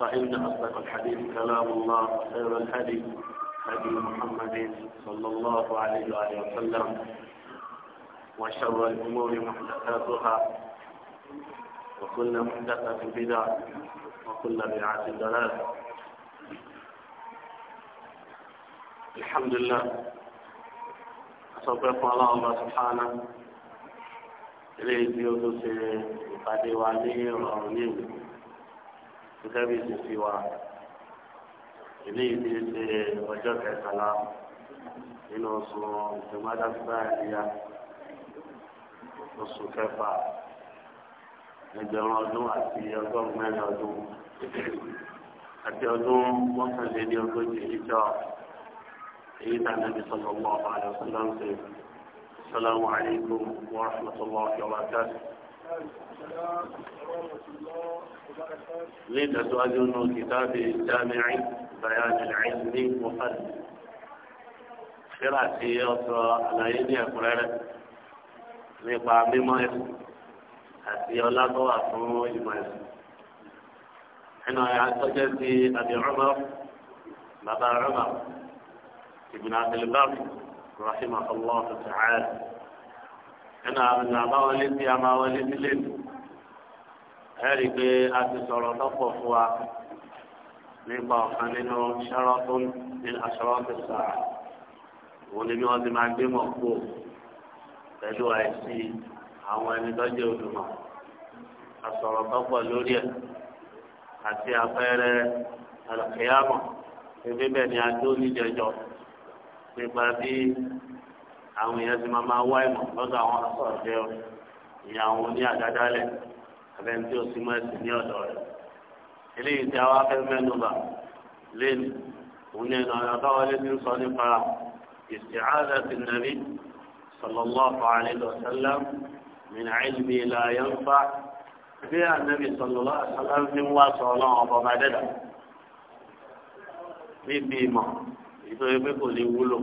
فإن أصدق الحديث كلام الله خير الهدي هدي محمد صلى الله عليه وآله وسلم وشر الأمور محدثاتها وكل محدثة بدعة وكل بدعة ضلالة الحمد لله أصدق الله سبحانه إليه بيوتو سي قادي وعليه وعليه gẹ́gẹ́ bí ìsìnkú wa eléyìí ti ṣe ọjọ́ kẹtàlá nínú oṣù ìjọmọdásílá ẹ̀yà oṣù kẹfà ẹgbẹ̀rún ọdún àti ọgọ́rùn-ún mẹ́rin ọdún àti ọdún mọ́kànléní ogójì ìjọ èyí tá nàbí sọlọ́mọ́ ọ̀bà àdàsílá ń ṣe sọlọ́mọ́ àlẹ́kùn wọ́n rẹ̀ mọ́tò lọ́wọ́ kí ọba لين أزواجنا كتاب الجامع بيان العلم وفن فراسي أطرى على يدي أقرار نقع بما àti ọlá tó wà fún ìmọ̀ ẹ̀sìn. ẹnu àyà tọ́jọ́ sí àbí Umar bàbá Umar ibn Abdul rahimahullah ta'ala nínú àwọn àbáwọlé tí a máa wọlé sílé nù ẹ rí i pé a ti sọ̀rọ̀ lọ́pọ̀ fún wa nípa ọ̀kan nínú ṣọ́rọ́tò ní aṣọ́rọ́tò sàrà òun ni bí wọ́n ti máa gbé mọ̀ kú pẹ̀lú àìsí àwọn ẹni tọ́jú olùmọ̀ àsọ̀rọ̀ tọ́pọ̀ lórí ẹ̀ àti àpẹẹrẹ àlàkìyàmọ̀ ebí ni a dó níjẹjọ nípa bí àwọn èèyàn ti máa máa wá ìmọ̀ lọ́dọ̀ àwọn asọ̀jẹ́ ìyá àwọn oní àdádálẹ̀ abẹ́ni tí ó sì mọ́ ẹ̀sìn ní ọ̀dọ̀ rẹ̀ eléyìí tí a wá fẹ́ mẹ́nuba lẹ́nu òun ní ẹnu ọ̀nà báwọlé ti ń sọ nípa ìsìcáàdà ti nàbí sallallahu alayhi wa sallam min ilmi la yanfa bí ànábì sallallahu alayhi wa fi ń wá sọ ọlọ́run ọba ọba dẹ́dà níbi ìmọ̀ ìtòyẹ́ pé kò lè wúlò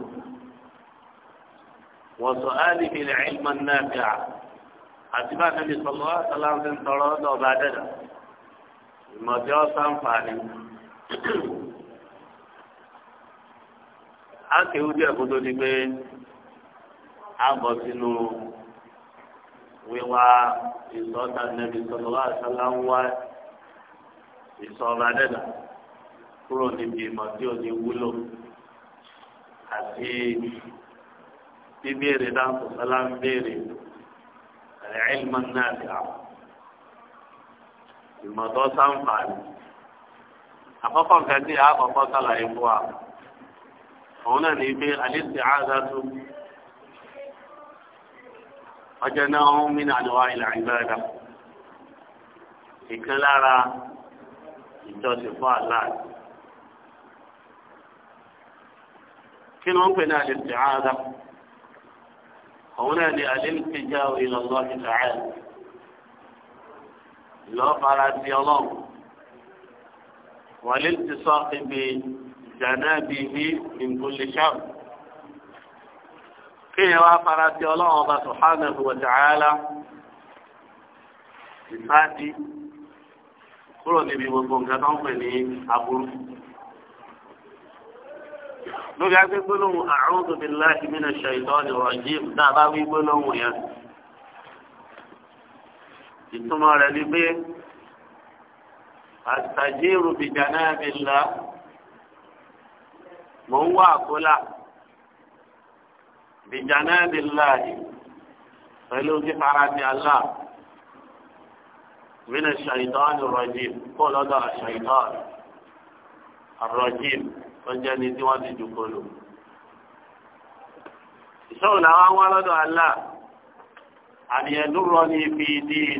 وسؤاله العلم النافع àtibá nàbì sọlọ́ àtàláńsẹ̀ ń tọrọ ọ̀dọ̀ ọba dẹ́dà ìmọ̀tí ọ̀sán fàánì. a kéwú díẹ̀ kó tó di pé a bọ̀ sínú wíwá ìsọ̀tà nàbì sọlọ́ àtàláńwá ìsọ̀ ọba dẹ́dà kúrò níbi ìmọ̀tí òní wúlò àti bíbéèrè dáàbò sọlá ń béèrè ẹ̀ẹ́lmọ̀ náà ti àwọn ìmọ̀tọ́ sáǹfààní àkọ́kọ́ nǹkan tí àkọ́kọ́ sàlàyé fún wa òun náà ní pé àlèsè àádọ́tú ọjọ́ náà ń mí náà níwá ilẹ̀ àgbẹ̀rẹ̀dà ìkan lára ìjọsìn fún aláàdì kí ni wọ́n ń pè ní àlèsè àádọ́tú òun náà ni àdéhùnkéjà ìlọ́lọ́ ìtàrà lọ́ọ́ fara sí ọlọ́run wàlẹ́ ti sọ ibi ìjànà bíi ní ìgbòlẹ́sàm kéèyàn wá fara sí ọlọ́run ọba subhanahu wa ta'ala ìsáàdì kúrò níbi gbogbo nǹkan tó ń pè ní aburú lórí agbégbólóhùn a'udhu billahi minash shaitanir rajim náà bá wí gbólóhùn yẹn ìtumọ̀ rẹ̀ ni pé àtàjírù bìjànà ìlà mò ń wá àkólà bìjànà ìlà yìí pẹ̀lú fífaratì àlá minash shaitanir rajim kó lọ́dọ̀ shaitan ar-rajim ọjọ́ ni tí wọ́n ti jù kọ́ lò. ìṣòro làwọn wá lọ́dọ̀ Allah àníyàn dúró ní ibi díìní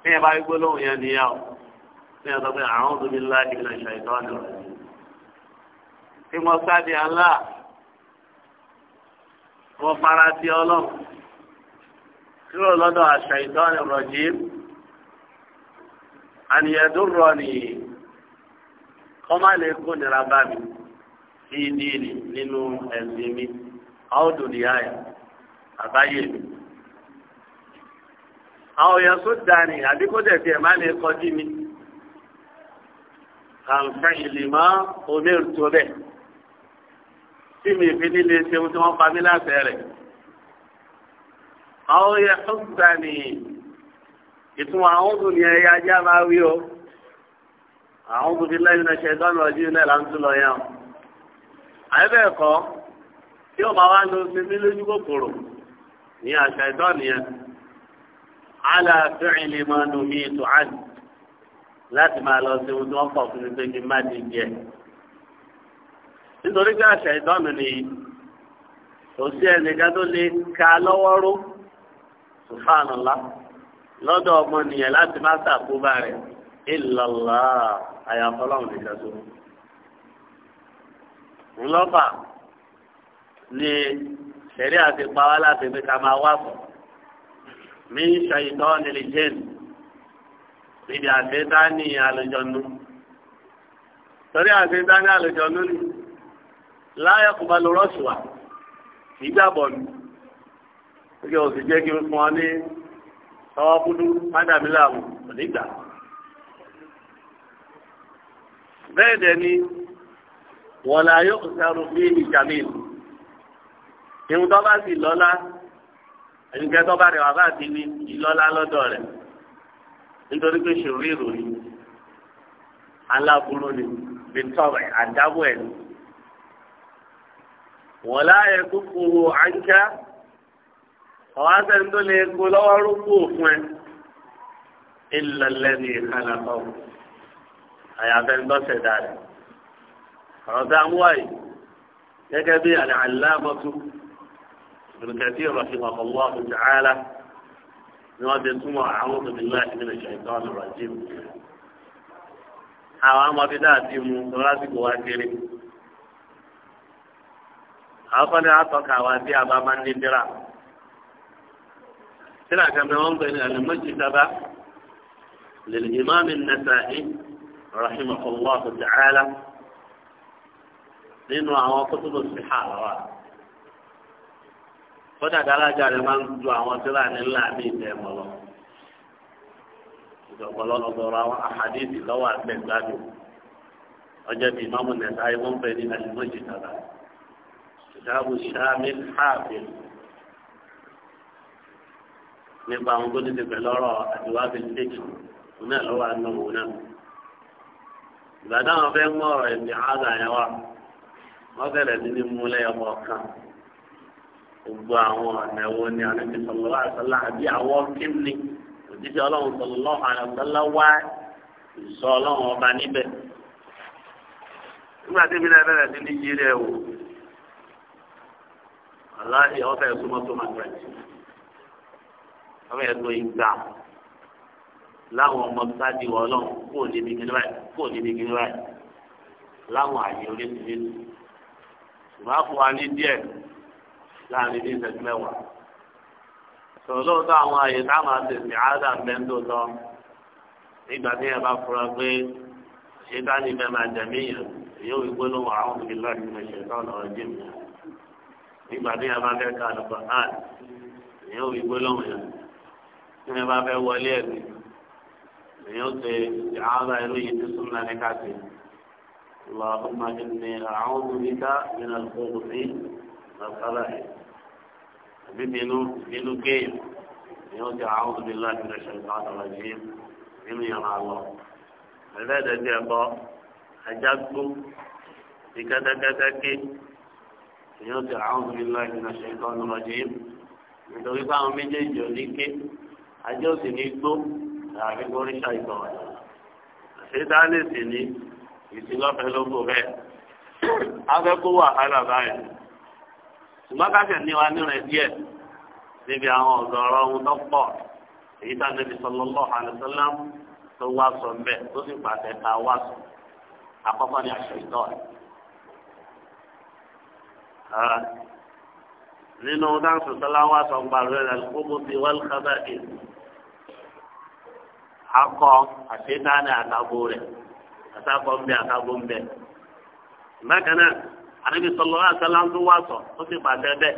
bí ẹ bá rí gbólóhùn yẹn níyà ó bí ẹ sọ pé a'udhu billahi minash shaitani rajim. tí wọ́n sáde Allah wọ́n fara sí ọlọ́run kúrò lọ́dọ̀ ash-shaitani rajim àníyàn dúró nìyí kọ́má lè kó nira bá mi sí díìrì nínú ẹ̀sìn mi áódù ní àyà àbáyé mi. àwọn èèyàn tó dání àbí kó dẹ̀ tiẹ̀ má lè kọjú mi. kàǹfẹ́ ìlìmọ́ omi ètò bẹ́ẹ̀ tí mi fi nílé ṣeun tí wọ́n pa mí láti rẹ̀. àwọn èèyàn tó dání ìtumọ̀ àwọn òdùn ní ẹ̀yà máa wí o àwọn kùtì lẹ́yìn náà ṣe dánù ọjọ́ ilẹ̀ là ń tún lọ yẹn o. àyẹ̀bẹ̀ kọ́ tí ó máa wá lọ sí mí lójú kòkòrò ní àṣà ìdánù yẹn. aláàfin ilé máa nù mí ètò àdì láti máa lọ sí ohun tí wọ́n kọ̀ fún mi pé kí n má di jẹ. nítorí pé àṣà ìdánù nìyí kò sí ẹnìkan tó lè ka lọ́wọ́ ró sùfàànù lá lọ́dọ̀ ọmọ nìyẹn láti má ṣàkóbá rẹ̀ ìlàlá àyàfọlọ́hùn nìkan tó ńlọ́fà ni sẹ̀rí àti pàwọ́ láti fi ká máa wá fún mí ṣàyìntọ́ nílé jẹ́ẹ̀nì níbi àṣetání àlùjọ̀nù torí àṣetání àlùjọ̀nù ni láyọ̀ kò bá lọ rọ́ṣùwà ìgbàbọ̀ ni ó yẹ òsì jẹ́ kí n fún ọ ní ọwọ́ kúdú mádàmílà ònígbà bẹ́ẹ̀ dẹ̀ ni wọ̀lá yóò sẹ́rù bí ìjàmíl ìhun tó bá sì lọ́lá ẹnìkẹ́ tó bá rẹ̀ wá bá ti ní ìlọ́lá lọ́dọ̀ rẹ̀ nítorí pé ṣòro ìròyìn aláburú ni bìtọ́rẹ̀ àdáwọ̀ ẹ̀ ni wọ̀lá yẹ kúkúrú àńkà ọ̀wá sẹ́ni tó lè kó lọ́wọ́ rúkú òfin ẹ̀ ńlọlẹ́ni ìkàlà báwò àyàfẹ́ ńlọ́sẹ̀ dáre ọ̀rọ̀ tá a ń wáyé gẹ́gẹ́ bí al-allamatu Ibn Kathir rahimahullahu ta'ala ni wọ́n ti túmọ̀ a'udhu billahi minash shaitani rajim àwọn amọ̀bí náà ti mú lọ́lásìkò wá kéré àwọn fọ́nà àtọ́ka wá sí àbámá ní dírà dírà kan bẹ́ẹ̀ wọ́n ń pè ní al-Mujtaba lil rahimahullahu ta'ala nínú àwọn kótópò síhà wa kódà dáradà rẹ máa ń ju àwọn tíra nílá ní ìtẹ̀ mọ́ lọ ìjọ̀pọ̀lọ́ lọ́dọ̀ọ́rọ̀ àwọn àhàdíìsì lọ́wọ́ àgbẹ̀gbádùn ọjọ́ bíi imáàmù nẹ̀ta ẹ̀ wọ́n bẹ̀rẹ̀ ní alimọ́jì tàbá ìdáàbò sàmìl hàbìl nípa àwọn tó ìgbà táwọn fẹ́ mú ọ̀rọ̀ ẹ̀mí àádọ́ yẹn wá ní kan gbogbo àwọn ọ̀nà ni àlejò sọ̀lọ́lá àṣàlá àbí àwọn kíni òjíṣẹ́ ọlọ́run sọ̀lọ́lá àṣàlá wá ìsọ ọlọ́run ọba níbẹ̀. nígbà tí ìbílẹ̀ bẹ̀rẹ̀ sí ní yílẹ̀ o aláìyá tó máa tó láwọn ọmọ sáájú wọn lọ kó o níbi gíní báyìí kó o níbi gíní báyìí láwọn àyè oríṣiríṣi ṣùgbọ́n àfọ wa ní díẹ̀ láàrin ní ìṣẹ́jú mẹ́wàá sọ̀rọ̀ lóòótọ́ àwọn àyè táwọn àtẹ̀sìn àádà bẹ́ńdò lọ nígbà tí ẹ bá fura pé ṣètánì bẹ́ẹ̀ máa jẹ̀mí yẹn yóò wí gbólóhùn àwọn òbí láti mọ̀ ṣètánì ọ̀rọ̀ jìm nígbà tí ẹ bá fẹ́ ka àlùkò náà yóò wí gbólóhùn yẹn tí ẹ bá fẹ́ wọlé ẹ̀sìn èyí ṣe ìhàlà irú yìí ti súnmọ́ ní káàkiri. اللهم إني أعوذ بك من الخبث والخبائث بمنو منو كيف يوم أعوذ بالله من الشيطان الرجيم من يرى الله هذا دعبا أجابكم بكذا كذا كيف يوم أعوذ بالله من الشيطان الرجيم nítorí báwọn méjèèjì ò ní ké ajé ò sì ní gbó àbí oríṣà ìtàn àṣetánì sì ni ìsìnlọ́fẹ́ ló kó bẹ́ẹ̀ afẹ́kó wàhálà báyìí ṣùgbọ́n káṣẹ̀ ní wa nírẹ̀ díẹ̀ níbi àwọn ọ̀dọ́ ọ̀rọ̀ ohun tó pọ̀ èyí tá níbi sallallahu alaihi wasallam tó wá sọ mbẹ́ tó sì pàṣẹ ká wá sọ àkọ́kọ́ ní aṣọ ìtọ́ nínú dáńsọ̀ sọ́lá wá sọ gbàgbé rẹ̀ kó akọ àṣetáni àtàbò rẹ̀ àtàbò ń bẹ àtàbò ń bẹ. bákan náà àdébí sọlọ àṣàlá ń tún wá sọ ó sì pàṣẹ bẹ́ẹ̀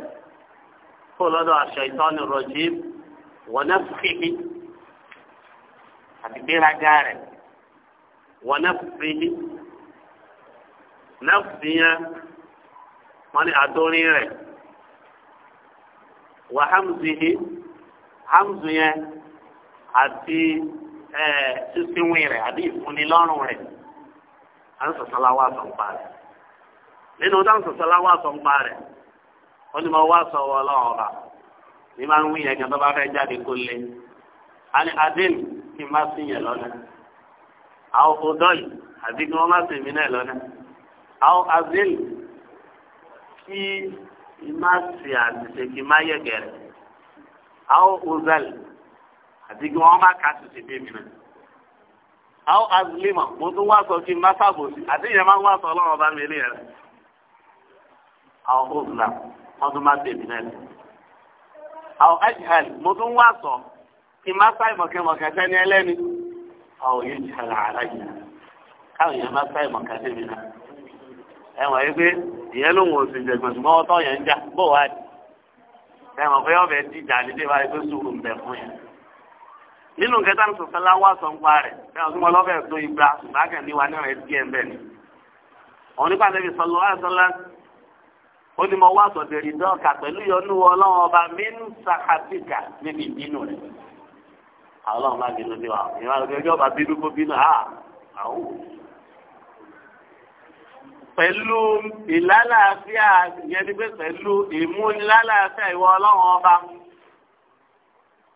kó lọ́dọ̀ àṣọ ìtọ́ni rọ̀jí wọ́n náà àti gbéraga rẹ̀ wọ́n náà náà fìyàn wọ́n ní àtòrin rẹ̀ wà hàmùsì hàmùsì yẹn àti. sísínwìn rẹ̀ àbí ìfúnnilọ́rùn rẹ̀ à ń sọ̀sọ́lá wá sọ̀ ń pa rẹ̀ nínú táwọn sọ̀sọ́lá wá sọ̀ ń pa rẹ̀ ó ní mo wá sọ ọba ní máa ń wí yẹn gan tó bá fẹ́ jáde kó lé àní kí n má sí yẹn lọ́nà àwọn ọdọ́ yìí àbí kí wọ́n má sí mi náà lọ́nà àwọn adéǹ kí n má kí àti kí wọ́n má ka tètè dé mi náà. àwọn azulima mo tún wá sọ kí n má sábòsí àti ìyẹn máa ń wá sọ ọlọ́run ọba mi ilé rẹ̀. àwọn hosla wọ́n tún má tèmi náà lẹ̀. àwọn ajihal mo tún wá sọ kí n má sáì mọ̀kẹ́mọ̀kẹ́ sẹ́ni ẹlẹ́ni. àwọn yóò jẹ́ ara ara yìí káwọn èèyàn má sáì mọ̀kẹ́ sẹ́mi náà. ẹ̀wọ̀n yìí pé ìyẹn ló ń wò sí ìjẹ̀gbọ̀n ṣùgbọ́n ọtọ́ yẹn ń jà bó wá ẹ̀wọ̀n pé ọ̀bẹ ti jà nílé nínú nǹkan táwọn sọ̀sọ́ láwọ́ àsọ̀ ń pa rẹ̀ ẹ ọ̀sùn wọn lọ́fẹ̀ẹ́ tó ibra bákan ní wa ní ọ̀rẹ́ díẹ̀ ń bẹ̀ ni. òun nípa níbi sọlọ àṣọlá ó ní mo wá sọ̀dẹ̀rì dọ́ọ̀kà pẹ̀lú yọnú ọlọ́run ọba mínú sàkàtìkà níbi ìbínú rẹ̀. ọlọ́run bá bínú sí wa ìwà ọjọ́ ọba bínú kó bínú ha àwọn. pẹ̀lú ìlàlàáfíà yẹn ni pé pẹ̀lú ìmúlálàáfíà ìwọ ọlọ́run ọba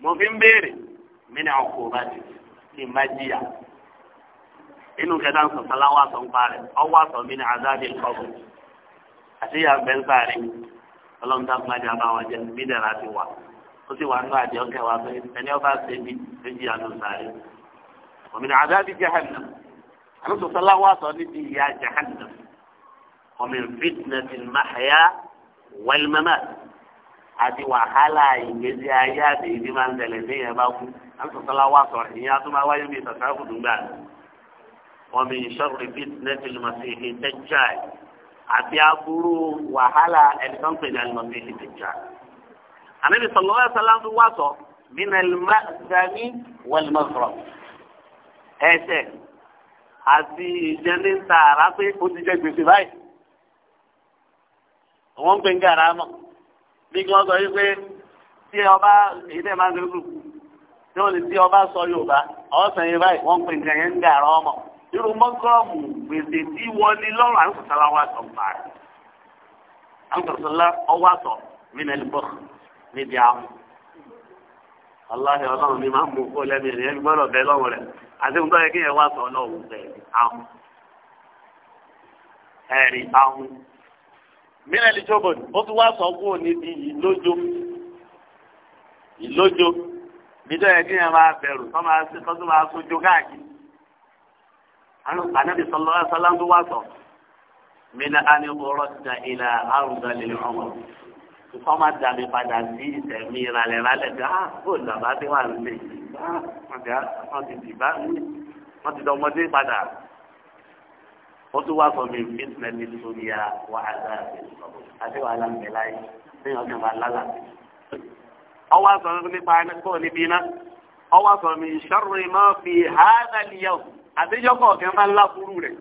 mo fi ń béèrè mí ni àwọn kò bá ti kí n bá jìyà inú kẹta sọ̀tàlá wà sọ̀ ń parẹ́ ọwọ́ àtọ̀ mí ni azáde kọ́bù àti ìyá bẹ́ẹ̀ ń parẹ́ ọlọ́mdá gbájà bá wọn jẹ bí dẹ̀ra ti wà ó sì wà nínú àjẹ ọkẹ́ wa pé ẹni ọba ṣe bí méjì àná sáré òmì ni azáde jahannam àti sọ̀tàlá wà sọ̀ níbi ìyá jahannam òmì fitnatil mahya wal mamat àti wàhálà ìgbésí ayé àti ìdí máa ń tẹ̀lé ní ìyẹn bá kú àtúntàlá wà sọ̀rọ̀ ìyẹn tó máa wáyé bí ìtàkùn kùdù gbà wọn bí ìṣọ́rù fitness ilmọ̀síhì tẹ́jà àti aburú wàhálà ẹ̀dùn pẹ̀lú ilmọ̀síhì tẹ́jà. ànábì sọ̀lọ́ ẹ̀ sọ́lá ń wá sọ min al-ma'zami wal-mazrab ẹ̀ṣẹ̀ àti ìjẹ́ni sàrà pé ó ti jẹ gbèsè báyìí wọ́n ń gbẹ̀ngàrà mọ́ bí wọ́n sọ wípé tí ọba èyí máa ń gbẹ́rù tí wọ́n lè tí ọba sọ Yorùbá ọ̀sán yẹn báyìí wọ́n pè nǹkan yẹn ń dà ọmọ irú mọ́gọ́rọ̀mù gbèsè tí wọ́n ní lọ́rùn àǹsọ̀tàlá wa sọ̀ pa rẹ̀ àǹsọ̀tàlá ọwọ́ àtọ̀ mí nà níbi àwọn aláhẹ ọlọ́run ní máa ń mú kó lẹ́nu ẹ̀rẹ́ gbọ́dọ̀ bẹ́ẹ̀ lọ́wọ́ rẹ̀ àti nǹkan yẹ kí yẹn wá sọ ọlọ́run bẹ́ẹ̀ àwọn ẹ̀rí àwọn mílẹ̀ ní jóbòn ó tún wá sọ kúrò níbi ìlójó ìlójó níjọ́ yẹn kí yẹn máa bẹ̀rù tó máa sí tó tún máa sojú káàkiri àwọn ànábì sọlọ ẹsọlá ń tó wá sọ mílẹ̀ á ní ọ̀rọ̀ ta ilà àrùn dalẹ̀ ọmọ ìfọ́ máa dà mí padà sí ìtẹ̀mí ìrànlẹ̀ rálẹ̀ bí ah kò làbá tí wà lóde yìí ah, wọ́n ti dìbà wọ́n ti dọmọdé padà ó tún wá sọ mi business ní sóríà wàhálà àti wàhálà mẹ́lá yìí ní ọjọ́ bá lálà. ọwọ́ àsọ mi nípa kó níbi iná ọwọ́ àsọ mi ìṣòro iná fi hàdà níyàwó àtijọ́ kọ̀ kẹ́ máa ń láburú rẹ̀.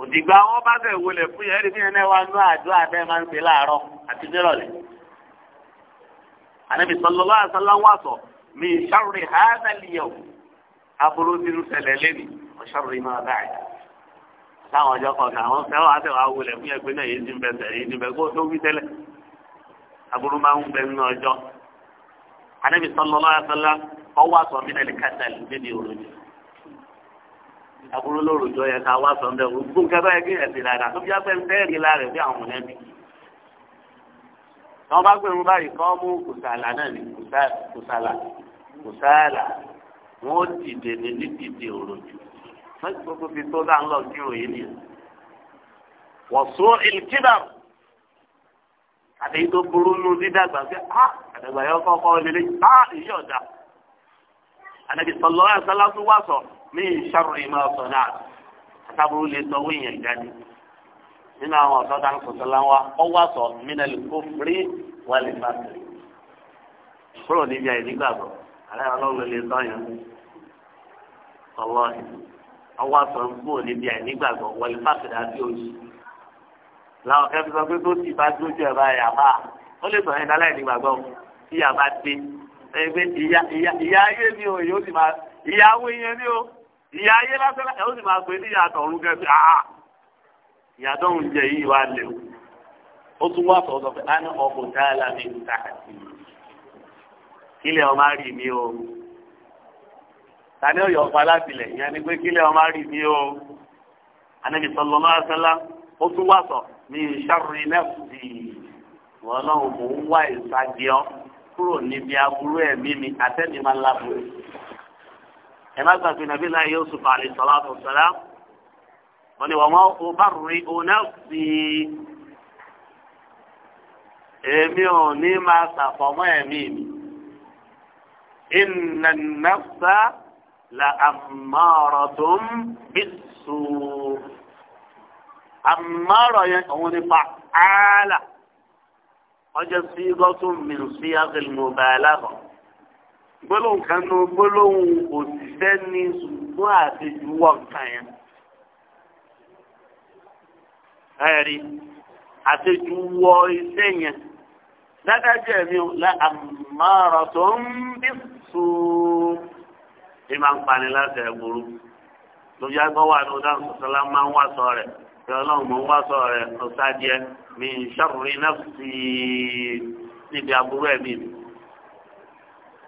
òdìgbà wọn bá fẹ́ wọlé fún yẹn rí fíyẹn náà wá ní àdúrà bẹ́ẹ̀ máa ń ṣe láàárọ̀ àti nírọ̀lẹ́. ànábì sallallahu alaihi wasallam wá sọ mi ìṣòro hàdà níyàwó aburú ti ń ṣẹlẹ̀ lẹ́nu ọ̀ṣọ́rọ̀ iná báyìí táwọn ọjọ́ kọ̀ọ̀kan àwọn fẹ́ràn àtẹ̀wà wulẹ̀ fún ẹgbẹ́ náà yìí ti ń bẹ̀sẹ̀ yìí ti bẹ̀ tó wí tẹ́lẹ̀ aburú máa ń bẹ nínú ọjọ́ anábì sallallahu alaihi wasallam ọwọ́ àtọ̀ mi nàlẹ́ kásálì níbi òròjì aburú lóròjọ yẹ ká wá sọ ń bẹ gbogbo nǹkan báyẹn kí ẹ̀sìn lára tó bí wá pẹ́ ń fẹ́ lára bí àwọn mọ̀lẹ́bí wọn bá gbẹrun báyìí kọ́ mú kùsàlà náà ní kùsàlà kùsàlà wọn ó dìde ní ní dìde òròjù wọ́n ti gbogbo fi tó dáa lọ sí ìròyìn ni wọ́n sún ìlkídà àti tó burú nù dídàgbà sí a àdàgbà yọ kọ́kọ́ lélẹ̀ a èyí ọ̀dà àdàgbà sọlọ àṣàlásù wà sọ mí ìṣàrò ìmọ̀ ọ̀sọ̀ náà àtàbùrú lè sọ wíyàn ìjáde nínú àwọn ọ̀sọ́ tá à ń sọ̀tọ̀ láwa ọ wà sọ mínẹ́lì kó firi wà lè bá tẹ̀lé kúrò níbi àìnígbàgbọ́ àlẹ́ ọlọ́run lè sọ yẹn ọlọ́run àwọn asọ̀rọ̀ gbogbo ò níbi àìnígbàgbọ́ wọlé fàkìdá bí oṣù làwọn kẹfì sọ pé tó ti bá dójú ẹ̀ báyìí àbá ó lè sọ̀rọ̀ ẹ̀ dálẹ́ ìnígbàgbọ́ tí àbá dé ẹ pé ìyá ayé ni o yóò sì máa ìyá yẹn ni o ìyá ayé lásán ẹ sì máa pè ní ìyàtọ̀ ọ̀run kẹfì àá ìyàtọ̀ ọ̀run jẹ yìí wá lè ó tún wá sọ̀rọ̀ pé á ní ọkùnrin tá a lámì àti kílẹ̀ ọ tani ọyọ ọpa látilẹ ìyẹn ni pé kílẹ ọmọ àrí mi o anabi sọlọ lọ àṣẹlá ó tún wà sọ ní ìṣàròyìn nẹfùsì wọn náà mò ń wá ìsàgé ọ kúrò níbi aburú ẹ̀mí mi àtẹnì máa ń labò ẹ má gbàgbé nàbí láyé Yusuf àlè sọlá tó sọlá wọn ni wọn máa ń bá rí onẹfùsì èmi ò ní máa ṣàfọmọ ẹ̀mí mi. Inna لأمارة بالسوء أمارة يعني فعالة وجه صيغة من صيغ المبالغة بلون كانوا بلون قدني سوء في جوانك يعني. هاري أتي جوا إسنيا لا تجمعوا لأمارتم بالسوء ní máa ń pani láti ẹ̀gbòrú lójú agbọ́ wà ní ọdún àkọsọ́lá máa ń wá sọ rẹ̀ kí ọlọ́run mọ̀ ń wá sọ rẹ̀ ọ̀sájẹ́ mi sharri nafsi níbi aburú ẹ̀mí mi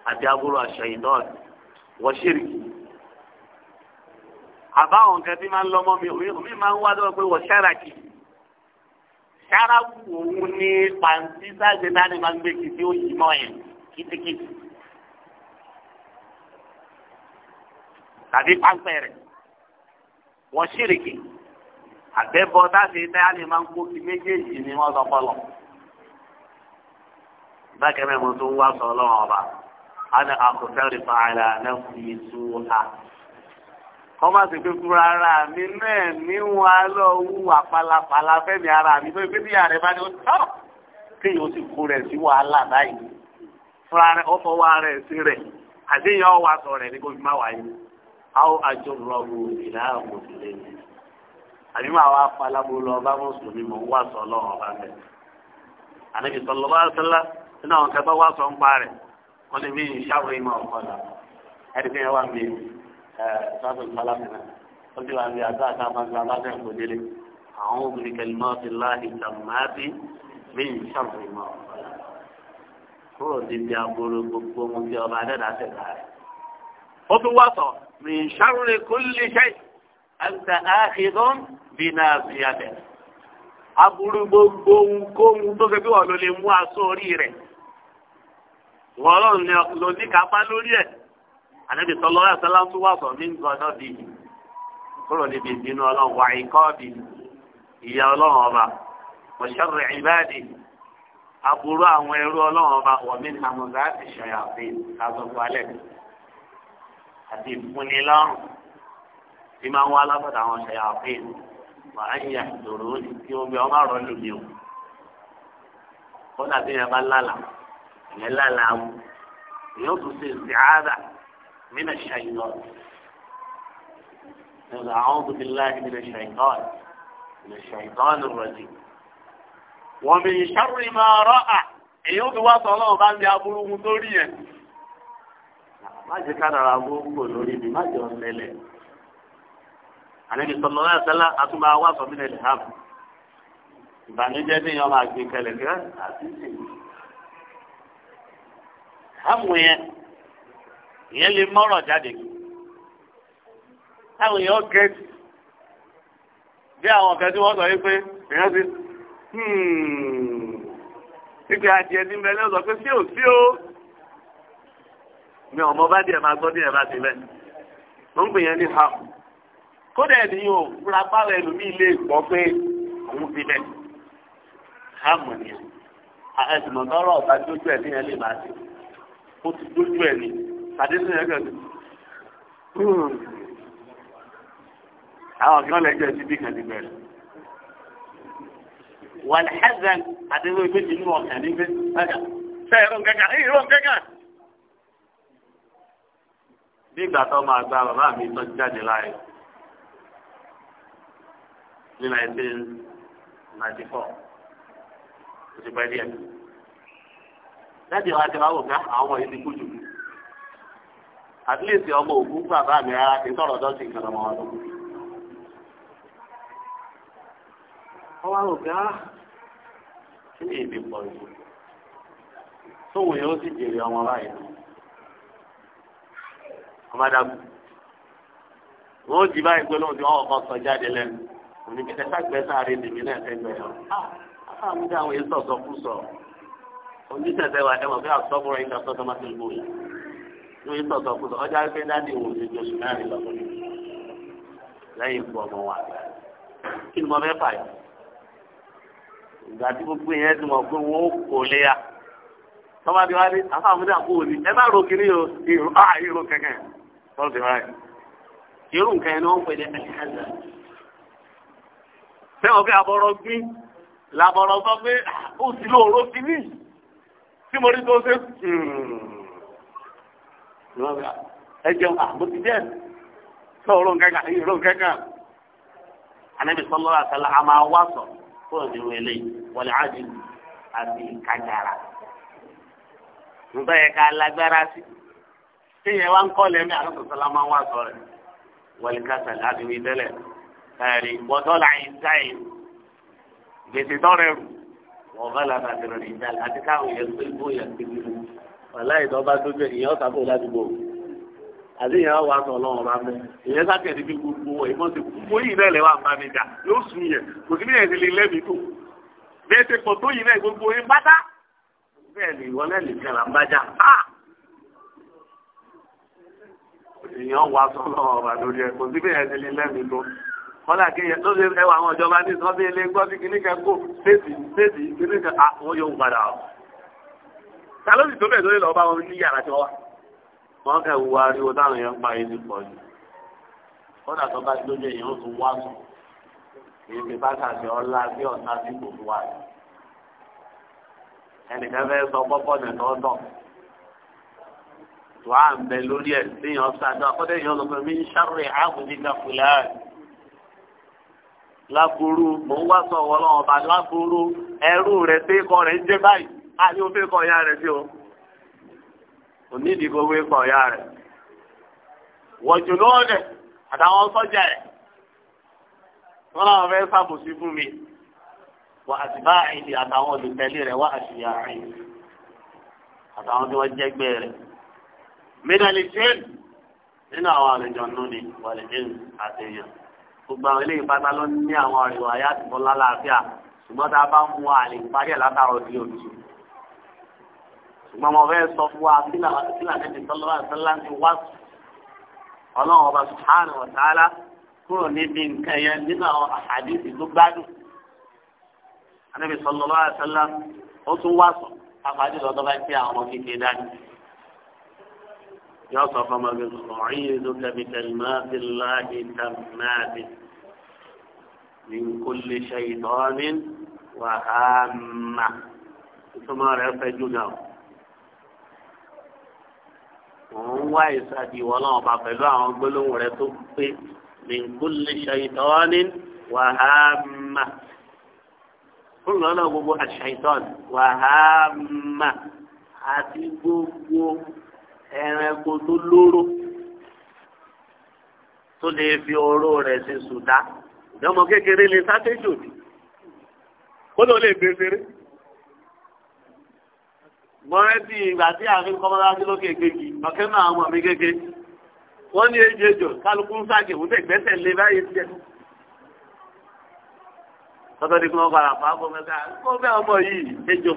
àti aburú àṣà ìdọ́ọ̀dì wọ́n ṣèrìkì àbáwọn nǹkan tí máa ń lọ́mọ́ mi mi máa ń wá dọ́wọ́ pé wọ́n ṣàràkì ṣàràkù òun ní pàǹtí sáà ṣe dání máa ń gbé kìtì ó yìí mọ́ yẹn kìtìkìtì. tàbí pàǹpẹ́ rẹ̀ wọ́n ṣìrìkì àbẹ́bọ táfi táyà lè máa ń kó fi méjèèjì ni wọ́n sọ pọ́lọ̀ bákẹ́ mẹ́mọ́ tó ń wá sọ ọlọ́run ọba ana àkùtẹ́rì fàálà náà fi tú ha kọ́má sì pé fúra ara mi náà níwọ̀n alọ́ wúwà pálapàla fẹ́mi ara mi tó ìpínlẹ̀ yàrá bá ní ọjọ́ kéèyàn ó sì kó rẹ̀ sí wàhálà báyìí fúra rẹ̀ ọ̀fọ̀wá rẹ̀ sí rẹ̀ àdéhùn ọ̀wà sọ rẹ̀ ní kó fi má wáyé àwọn àjọrọ̀bù ìlà mùsùlùmí àbí máa wá falábù lọ bá mùsùlùmí mọ̀ wá sọ lọ́wọ́ bá bẹ̀. ànábì sọlọ bá sọlá nínú àwọn kẹfẹ́ wá sọ ń pa rẹ̀ wọ́n lè mí ìṣàwọ̀ ìmọ̀ ọ̀kọ́lá ẹni fi hàn wá mi ẹ̀ sábà ìfọláfínà ó sì wá mi àti àti àmàgbà aláfẹ́ kò délé àwọn obìnrin kẹlìmọ́ ti láàyè ìtàmáàbí mí ìṣàwọ̀ ìmọ̀ ọ̀kọ́lá kúrò níbi agbóró gbogbo mo fi ọba adẹ́dàá tẹ̀ka rẹ̀ ó tún wá sọ min sharri kulli shay anta akhidun bi nasiyatihi aburú gbogbo ohunkóhun tó fẹ́ bí wọ́n ló lè mú aṣọ orí rẹ̀ wọ́n ọlọ́run ló ní kápá lórí ẹ̀ ànábì sọlọ́ ẹ̀ sọlá tún wà sọ mí nǹkan náà bí kúrò níbi ìbínú ọlọ́run wà ikọ́ bí ìyá ọlọ́run ọba wa sharri ibadi aburú àwọn ẹrú ọlọ́run ọba wọ̀mí àmọ̀gá àti ṣàyàfẹ́ àtọ̀gbọ́lẹ̀ àti ìfúnnilọ́rùn tí máa ń wá lábàdà àwọn ṣẹ̀yà àfihàn wà á yà ìdòrò tí omi ọmọ ọ̀rọ̀ lù mí o. kódà bí yẹn bá lálà ìyẹn lálà awù ìyẹn ó tún ṣe ìsìáàdà mínà ṣàyìnbọ. Nígbà àwọn òbí láàyè mínà ṣàyìnbọ mínà ṣàyìnbọ ní rọ̀jì. Wọ́n mi ìṣàrùn ìmọ̀ ọ̀rọ̀ à èyí ó fi wá sọ ọlọ́run bá ń di aburú mu tó rí yẹn má jẹ́ kádàrà gbogbo lórí mi má jẹ́ ọ̀lẹ́lẹ̀. àlejò sọ̀rọ̀ náà sẹ́lá àtúbà wà sọ mílẹ̀ lẹ́hàbù. ìbànújẹ́ ní ìyọ́n máa gbé kẹlẹ̀ kẹ́ àti ìsìn. àmù yẹn ìyẹn lè mọ́rọ̀ jáde. táwọn èèyàn gẹ̀ẹ́sì bí àwọn ọ̀kẹ́ tí wọ́n sọ yìí èèyàn ti pípẹ́ hmm. adìẹ ní mẹ́lẹ́ sọ pé sí ò sí o mi ọmọ bá díẹ̀ máa gbọ́ díẹ̀ bá ti bẹ́ẹ̀ ló ń pè yẹn ní ha kódà ẹni o fúra pààrọ̀ ẹlòmíì lè gbọ́ pé òun ti bẹ́ẹ̀ ha mọ̀ ni ẹ̀sìn mọ̀ tọ́rọ̀ ọ̀tá dójú ẹ̀ ní yẹn lè máa ṣe ó ti dójú ẹ̀ ní tàdé sí yẹn kẹ̀kẹ́ àwọn kan lẹ́jọ́ ti bí kan ti bẹ̀rẹ̀ wàlẹ́ ẹ̀sìn àdéhùn ìgbésí inú ọ̀kàn ní gbé nígbà tó máa gba bàbá mi tó jáde láàyè ní nineteen ninety four oṣù pẹ́ díẹ̀ lẹ́yìn ìwádìí wa wò pé àwọn yìí ti kú jù at least ọmọ ògún bàbá mi rárá ti tọrọ dọ́sì kan ọmọ ọdún. wọ́n wá rò pé á ah, kí ni èdè pọ̀ jù tóun yóò sì jèrè ọmọ báyìí ọmọdàgbù wọn ò jí báyìí pé lóun ti wọn kọ sọ jáde lẹ́nu òní kẹtẹ sàgbẹ sáré lèmi náà fẹẹ gbẹ yàn ah, á mi dá àwọn yẹn sọsọ kú sọ òní tẹsẹ wà ẹwọn fẹẹ àtọkùnrin yìí kan sọsọ má ti gbó yìí ní yẹn sọsọ kú sọ ọjà pé dáàdi òun ti jọ láàrin lọkùn mi lẹ́yìn ikú ọmọ wa kí ni mo fẹ́ fà yìí ìgbà tí gbogbo yẹn ti mọ̀ pé wọn ò kò léya tọ́ba ti wá dé àfa àmúdé àpò òní ẹ bá ro kiri o ìrù á ìrù kẹ̀kẹ́ tọ́lù ti wáyé irú nǹkan ẹni wọ́n pè ní ẹ̀ẹ́dà sẹ́wọ̀n pé àbọ̀rọ̀ gbin làbọ̀rọ̀ sọ pé ó sì lóòrò sí mí tí mo rí tó ṣe hmm. ẹ jẹun àbótí jẹ sọ̀rọ̀ nǹkan ìrù kẹ̀kẹ́ anabi sọlọ́lá sẹlẹ̀ a máa sọ fún òdiwọ̀n eléyìí wọlé ájì àti kájára nígbà yẹn ká lágbára sí tíyẹn wá ń kọ́ lẹ́mí àlọ́sọ̀sọ́ la máa ń wá sọ̀rọ̀ wọlé kásá láti wí tẹ́lẹ̀ ẹ̀rí bọ́tọ́ là ń ta yìí gbèsè tọ́rẹ̀ wọ́n bá la bá tẹ̀rẹ̀ ní ìjà àti káwọn yẹn pé bó yẹn ti wù wàlá ìdọ́gba tó jẹ ìyẹn ọ̀sà kò ládùúgbò àti ìyẹn wà sọ ọlọ́run bá fẹ́ ìyẹn sákẹ́ ní bí gbogbo wọn ìbọn ti kú bóyì náà lẹ́wà bá mi jà yóò sùn yẹn kò sí bí yẹn ti lè lẹ́mìí tó bẹ́ẹ̀ ti pọ̀ tó yìí náà gbogbo yẹn pátá bẹ́ẹ̀ ni ìwọ lẹ́nu kan là ń bá èèyàn wà sọ́nà ọ̀rọ̀ lórí ẹ̀ kò sí bẹ́ẹ̀ ni lè lẹ́nu tó. kọ́lá kéèyàn tó ṣe ẹwà àwọn ìjọba ní sọ́bí ilé gbọ́ sí kíní kan kó tètè tètè kíní kan àwọn yóò padà ọ̀. ta ló sì tó bẹ̀ lórí lọ́ọ́ bá wọn ní yàrá tí wọ́n wà. wọ́n kẹ́ wo ariwo táwọn èèyàn pa ẹni pọ̀ jù. kọ́lá tó bá lójú èèyàn tó wá sùn. èyí ti bá tàbí ọlá bí ọ̀tá sí kò wá sùn ẹnìkan fẹ́ sọ pọ́pọ́ nìkan ọ̀tọ̀ tó à ń bẹ lórí ẹ̀ léèyàn ṣáájú akọ́dé èèyàn lọ pé mi ń ṣàrè àbùdíkà fúláì láburú mò ń wá sọ wọ́n lọ́wọ́ bá láburú ẹrú rẹ̀ pé kọ́ rẹ̀ ń jẹ́ báyìí á ní o fẹ́ kọ́ ya rẹ̀ sí o onídìí kò wé kọ́ ya rẹ̀ wọ̀jù lọ́ọ̀dẹ̀ àtàwọn sọ́jà rẹ̀ wọ́n làwọn fẹ́ ṣàbòsí fún mi wà àtìbáàìdì àtàwọn olùtẹ̀lé rẹ̀ wà àṣìyàrí àtàwọn tí wọ́n jẹ́gbẹ́ rẹ̀. mídàlì jẹ́n nínú àwọn àlejò nù ni wàlẹ̀ jẹ́n àtẹ̀yàn. gbogbo àwọn eléyìí pátá ló ní àwọn àríwá ayé àtìmọ́ lálàáfíà ṣùgbọ́n tá a bá mú àlè parí ẹ̀ látàrọ sí òtún. ṣùgbọ́n mo fẹ́ sọ fún wa sílànẹ́tì sọlọ́wà sọláńtì wá ọlọ́run ọba sùhánù ọ̀tàlá kúrò níbi nǹkan yẹn nínú àwọn àdìsí tó gbádùn anábì sọlọ lọ́wọ́ àtẹlá ó tún wá sùn pàpàdé lọ́dọ́ bá pé àwọn kékeré dání. yóò sọ fún ọmọ gbèsè ọ̀rìn ìlú kẹfìtẹ́lì máa ti láàyè tàbí من كل شيطان وهامة ثم رفع جناه wọ́n wá ìsádi wọn náà bá pẹ̀lú àwọn gbólóhùn rẹ̀ tó pé min kulli shaytanin wa hamma fún lọ́nà gbogbo àṣàìtàn wàhámà àti gbogbo ẹranko tó lóró tó lè fi oró rẹ̀ ṣe sùdá ìdánmọ̀ kékeré lè sáté jòdì kó ló lè gbé fèrè. mọ́rẹ́tì ìgbà tí ààfin kọ́mọ́lá sí lókè kejì ọ̀kẹ́ náà àwọn ọmọ kéke wọ́n ní ejò kálukú ń ságẹ̀ wọ́n tẹ̀ lé báyìí tiẹ̀ tọ́tọ́ ní kí wọ́n padà fà á bọ́ mẹ́ta kó bẹ́ẹ̀ ọmọ yìí ejò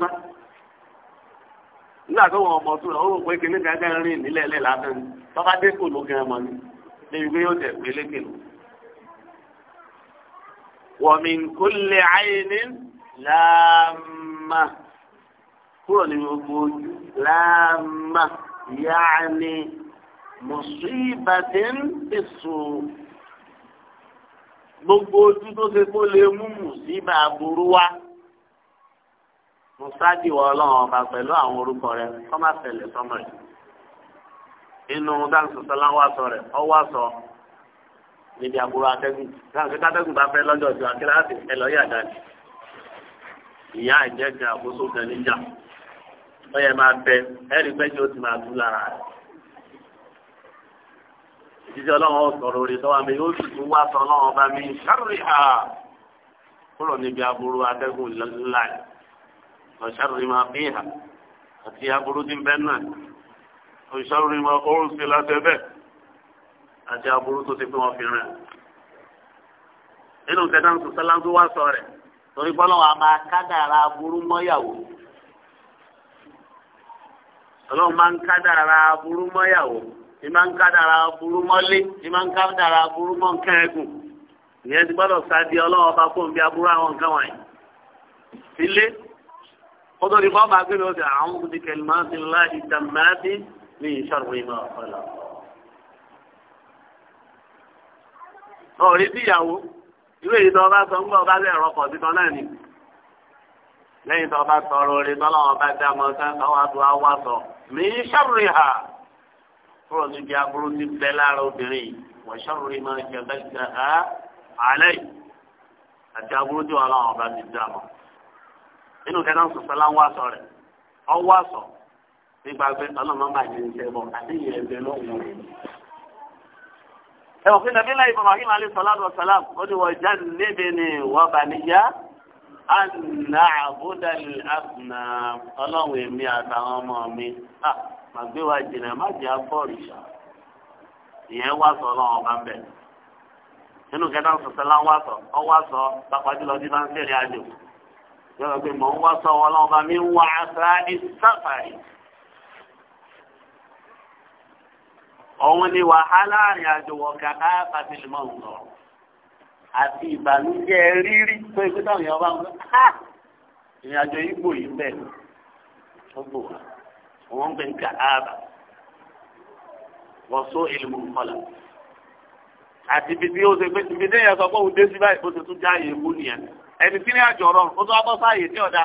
nígbà tó wọn ọmọ tó ó rò pé kíní gángan rìn nílẹ̀ lẹ̀ lásán tọ́ka kò ló gan ọmọ ni pé yóò tẹ̀ pé lékè lò. wọ̀mí kò lè ayé ní láàmà kúrò ní gbogbo láàmà yáà ní mùsùlùmí bàtẹ́ ń tẹ̀sùn gbogbo ojú tó ṣe kó lè mú mùsíbà burú wá musaadi wọ ọlọ́run ọba pẹ̀lú àwọn orúkọ rẹ̀ kọmá ṣẹlẹ̀ sọmọ rẹ̀ inú dáńsọ sọlá wà sọ rẹ̀ ọwọ sọ níbi àbúrò atẹ́gùn dáńsọ kátẹ́gùn bá fẹ́ lọ́jọ́ ju akíláàsì ẹlọyẹ àdáni ìyá ìjẹjẹ àkóso tẹlifíà ó yẹ máa bẹ ẹrí pẹjọ ó ti máa dú lára rẹ̀ ìjíjẹ́ ọlọ́run sọ̀rọ̀ orí tọ́wà mi ó sì tún wá sọ ọlọ́run bá mi ṣárì hà kúrò níbi aburú atẹ́gùn láì lọ ṣárì máa fi hà àti aburú tí ń bẹ́ náà lọ ṣárì máa ó ń ṣe látẹ́bẹ̀ àti aburú tó ti pé wọ́n fi rìn. nínú kẹta ń sọ tó wá sọ rẹ̀ torí bọ́lọ́wọ́ a máa kádàrá aburú mọ́yàwó ọlọ́run máa ń kádàrá aburú mọ́yàwó ìmọ̀ ń ká dára burú mọ́lé ìmọ̀ ń ká dára burú mọ́ nǹkan ẹ̀gùn ìyẹn ti gbọ́dọ̀ sáàdì ọlọ́wọ́ bá fóun bí aburú àwọn nǹkan wọ̀nyí. ilé ó tó di fọ́ọ̀mù agbèrè ó ti àwọn òbí kẹlìmọ́ ti ńlá ìdàmẹ́tì ní ìṣòro ìmọ̀ ọ̀pọ̀lọ̀. ọ̀rí sí ìyàwó ìwé yìí tó bá sọ ń gbọ́ bá lè rọpọ̀ sí kan náà ni lẹ́yìn tó bá sọ orin tọ́lọ́wọ́n bá kúrò níbi aburú ní bẹ́ẹ̀ lára obìnrin wọ́n ṣàròrí máa ń jẹun bẹ́ẹ̀ ṣe á àlẹ́ àti aburú tí wọ́n láwọn ọba ti dá mọ́. nínú kẹta ń sọ sọlá ń wá sọ rẹ̀ ọ wá sọ nígbà pé ọlọ́mọ máa jẹ iṣẹ́ àti ìyẹn ẹgbẹ́ lọ́wọ́ rẹ̀. ẹ òfin nàbí láì bàbá kí màálí sọlá lọ sọlá ó ní wọ́n jáde lébe ni wọ́n bà níyà á nà àbúdà ọlọ́run èmi àtàwọn ọmọ mi. Ah, màgbé wa jìnnà má jẹ́ abọ́rìṣà ìyẹn wá sọ ọlọ́run ọba ń bẹ̀. nínú kẹta sọ̀tẹ́ lá ń wá sọ ọ wá sọ pápájú lọ sí bá ń tẹ̀lé àjò yọ̀rọ̀ pé mò ń wá sọ ọlọ́run ọba mi ń wá aṣá ní sáfàrì. òun ni wàhálà àrìn àjò wọ̀ọ̀kà á pàṣẹ lè mọ̀ ń sọ àti ìbànújẹ́ rírí tó ìpínlẹ̀ ọ̀yọ́ bá ń gbọ́ ìrìn àjò yìí gbòòyì bẹ́ẹ̀ ó gbòòrò wọ́n ń pè ní kàáàbà wọ́n só ìlú kọlà àti ibi tí ó ṣe pé ibi tí èèyàn sọ pé òun dé sí báyìí ó ti tún já èèmú nìyẹn ẹni tí ní àjọ rọrùn ó tún wá bọ́ sáàyè tí ọ̀dà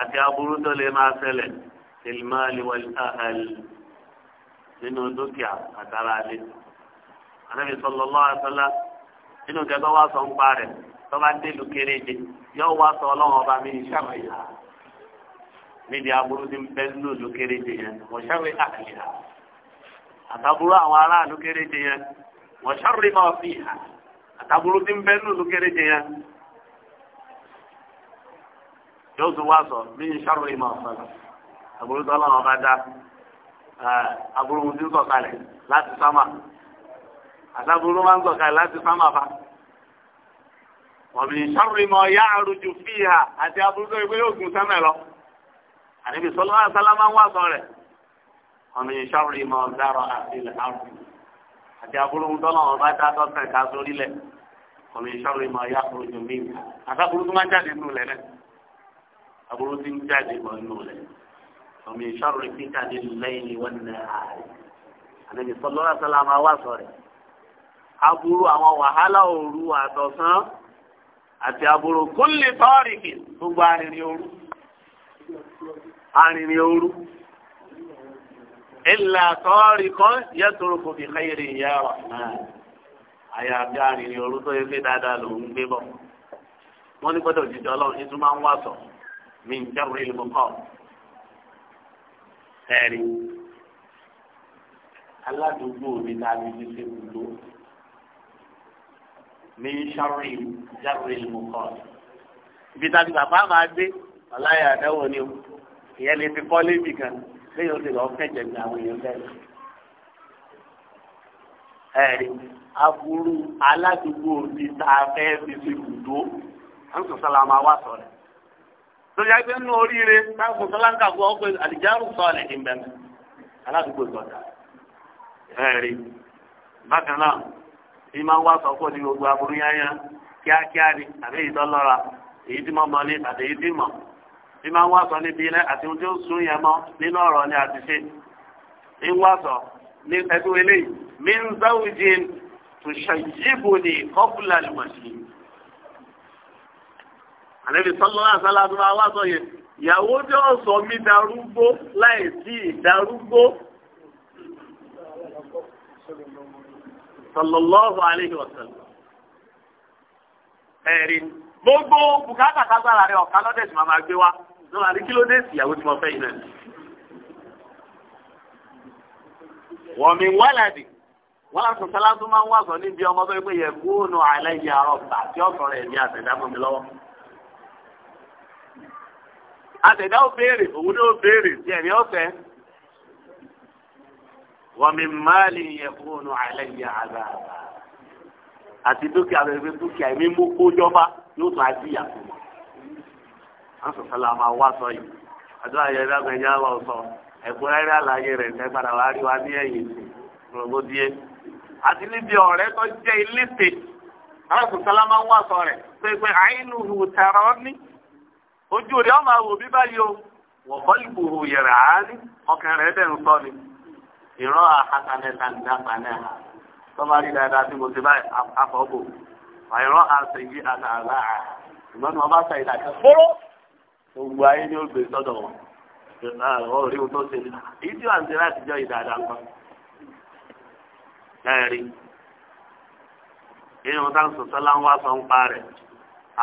àti aburú tó lè máa ṣẹlẹ̀ tèlímàlì wọlé àhàlì nínú dúkìá àtàrà alẹ́ ànábì sallallahu alaihi nínú kẹtọ́ wá sọ ń pa rẹ̀ tọ́ba kéréje yóò wá sọ ọlọ́run ọba mi ìṣàmì ìlà níbi aburú ti ń bẹ́ lòlù kéréje yẹn wọ́n ṣàwé àkàlẹ̀ hà àtàbúrú àwọn aráàlú kéréje yẹn wọ́n ṣàwé máa fi hà àtàbúrú ti ń bẹ́ lòlù kéréje yẹn yóò tún wá sọ bí n ṣàwé máa sọ̀rọ̀ aburú tó lọ́wọ́ bá dá aburú ti ń sọ̀kalẹ̀ láti sámà àtàbúrú máa ń sọ̀kalẹ̀ láti sámà fa wọ́n bí n ṣàwé máa yá àrùjù fi hà àti aburú tó yẹ pé yóò gùn sẹ́mẹ̀ lọ àníbi sọlọ́ àṣálàmà wà sọ rẹ̀ ọ̀nà ìṣàwòrì mọ̀ ọ̀dàrọ̀ àti ilẹ̀ àrùn àti aburú ń tọ́lọ̀ ọba dá dọ́kítà ká sórí lẹ̀ ọ̀nà ìṣàwòrì mọ̀ ọ̀yà kúrò jù mí àtàkùrú tó máa ń jáde nù lẹ̀ náà aburú ti ń jáde bọ̀ nù lẹ̀ ọ̀nà ìṣàwòrì pítà ní lẹ́yìn wọn nà áàrẹ̀ àníbi sọlọ́ àṣálàmà wà sọ rẹ̀ aburú àwọn wàhálà òru àtọ̀sán àti aburú kúlì tọ́ọ̀rì gbogbo arìnrìn òru arìnrìn òru ilà tọ́ọ̀rì kan yẹ́tòrò kò fi káyèrè ìyá rọ̀ àyàfi arìnrìn òru tó yẹ pé dáadáa ló ń gbé bọ̀ wọ́n ní gbọ́dọ̀ jíjẹ ọlọ́run ní tún máa ń wà sọ mí ń jẹ́ orí ìlú kọ́ ẹ̀rí aládùúgbò mi náà ní ní ṣe wúlò mí ń ṣàròyìn jáwé ìlú kọ́ ibi tá a bàbá máa gbé. aláya àdáwò ni o ìyẹn lè ka. kọ́lé kan léyìn oṣù lọ kẹjẹ ní àwọn èèyàn bẹ́ẹ̀ ẹ̀rí aburú aládùúgbò ti ta fẹ́ fi fi bùdó àwọn sọ̀sọ́lá máa wá sọ̀rọ̀ lórí agbẹ́ nínú oríire táwọn àdìjárù sọ̀rọ̀ ní bẹ́ẹ̀ aládùúgbò bákan náà bí máa wá sọ fún ní gbogbo aburú yányá kíákíá ni àbí èyí tí mo mọ ní tí mo mọ. bí máa ń wá sọ níbi ilẹ̀ àti ohun tí ó sún yẹn mọ́ nínú ọ̀rọ̀ ni àti ṣe ń wá sọ ní ẹgbẹ́ eléyìí mi ń záwùjẹ tùṣàyíbò ní kọ́kùlà lùmọ̀ṣì. àlejò sọ́lọ́ àṣálà tó máa wá sọ yẹn ìyàwó tí ó sọ mí darúgbó láì sí ìdarúgbó. sallallahu alayhi wa sallam. gbogbo bùkátà kágbára rẹ̀ ọ̀ká máa máa gbé wá náà àti kí ló dé sí ìyàwó tí mo fẹ́ yìí náà. wọ́n mi wálàdì wọ́n lásán sálá tó máa ń wà sọ níbi ọmọ tó gbé yẹ kúrò àlẹ́ àrọ̀ bà tí ọ̀sán rẹ̀ ní àtẹ̀dá fún mi lọ́wọ́. àtẹ̀dá ó béèrè òun ló béèrè tí ẹ̀rí ọ̀fẹ́. wọ́n mi máa lè yẹ kúrò àlẹ́ àgbà àti dúkìá rẹ̀ dúkìá mi mú kó jọba yóò tún á wọn sọ̀rọ̀ la máa wá sọ yìí àdúrà yẹn dábẹ́ yá wà sọ ẹ̀kúnrẹ́rẹ́ àlàyé rẹ̀ ṣẹ́ padà wá rí wa ní ẹ̀yìn rògbò díẹ̀ àti níbi ọ̀rẹ́ tó jẹ́ ilé tè àwọn sọ̀rọ̀ sọ rẹ̀ pé pé hù tààrọ̀ ní ojú rẹ̀ ọmọ àwò bí báyìí o wọ̀ bọ́ọ̀lù hù yẹ̀rẹ̀ àárín ọkàn rẹ̀ bẹ̀ ń sọ ni ìran àhàtàlẹ́ta ìdápanẹ́ ha tọ́ba dáadáa tí mo ti bá àfọ̀bò àìran àṣèyí àtàlà ìgbọ́n ni wọ́n bá sọ ìdájọ́ fóró gbogbo ayé ni ó gbé sọ́dọ̀ wọn àwọn òrí wọn tó ṣe ní èyí tí wà ń ṣe láti jọ ìdáadáa kan lẹ́ẹ̀rin nínú tá à ń sọ̀tọ́ láwọn sọ ń pa rẹ̀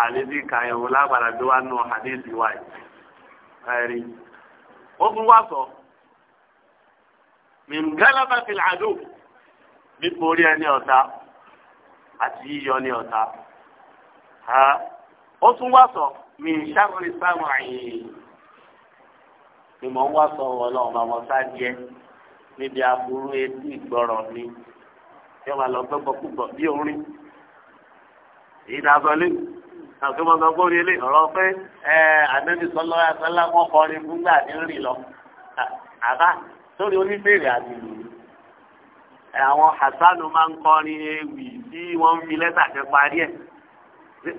àlébí kàyẹ̀wò lágbàdà tó wà nù àdéhùn wa yìí lẹ́ẹ̀rin ó tún wá sọ mìngálàbà fìlà àdó nípa orí ẹni ọ̀tá àti yíyọ ní ọ̀tá ó tún wá sọ mi ń ṣàkóso sáwọn àyè ìmọ̀ ń wá sọ wọn lọ́wọ́ bá wọn sáájẹ́ níbi aburú etí ìgbọ́rọ̀ ni yóò máa lọ gbọ́gbọ́ púpọ̀ bí orin èyí náà sọ léwu àwọn tó máa sọ gbórí ilé ọ̀rọ̀ pé ànábi sọlọ àtàlà wọn kọrin fúngbà ní rìn lọ àbá sórí oníbèrè àti ìlú àwọn hasanu máa ń kọrin ewì tí wọ́n ń fi lẹ́tà kẹ parí ẹ̀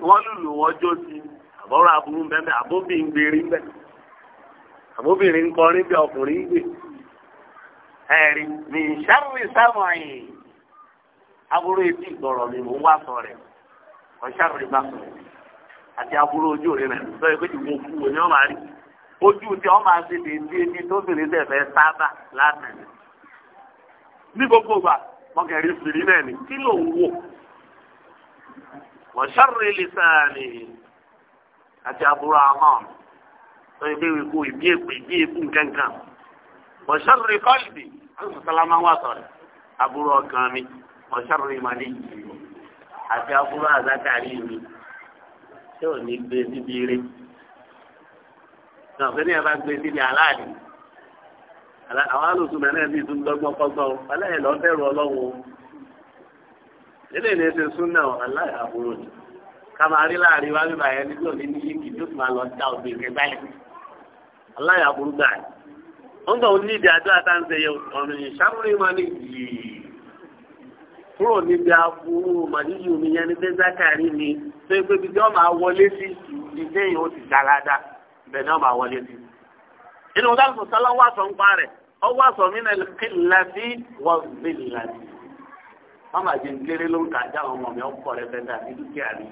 wọ́n lùlù wọ́n jó sí i. àbọ̀rọ̀ aburú bẹ́ẹ̀ àbóbìnrin kọrin bí ọkùnrin ń gbé ẹ̀rí ní sáré sámọ̀yìn aburú etí ìgbọ̀rọ̀ mi mò ń wá sọ rẹ̀ ọ̀sáré bá sọ àti aburú ojú rẹ̀ rẹ̀ sọ pé ojú tí lè di ẹni tó sábà ní gbogbo ìgbà àti aburú ahọ́n lórí bí wíkú ìbí èpè ìbí èpè nkankan ọ̀ṣọ́rì kọ́lìbì ọ̀ṣọ́sọ́lá máa ń wà sọ̀rọ̀ aburú ọkàn mi ọ̀ṣọ́rì ìmọ̀lẹ́ àti aburú àzákàrí mi tí ò ní gbé síbi eré náà fẹ́ni ẹ̀ bá gbé síbi aláàdì àwọn alùsùn mẹ́rin ẹ̀ bí tún gbọ́gbọ́n kọ́gbọ́n ọlẹ́yìn lọ́ọ́ bẹ̀rù ọlọ́wọ́ nílé ní ẹsẹ̀ súnà aláàbúrò ni ká máa rí láàrin wá bíbá yẹn nígbà òní ní yíkì tó sì máa lọ dá òbí rẹ̀ báyìí aláya burú gbà yìí wọn gbà wọn níbi àdúrà tá ń sẹyẹ ọ̀rìn ìṣàmúrí máa ní yìí kúrò níbi aburú màdíyù mi yẹn ní pé zákàrí mi tó yẹ pé ibi wọn máa wọlé sí ìdílé yìí ó ti dáradá bẹ́ẹ̀ ni wọn máa wọlé sí inú wọn dáhùn sọlá wà sọ ń pa rẹ ọwọ́ sọ mí náà kíláàsì wọ́n gbé níláàsì wọn máa jẹ nkéré ló ń kà á já àwọn ọmọ mi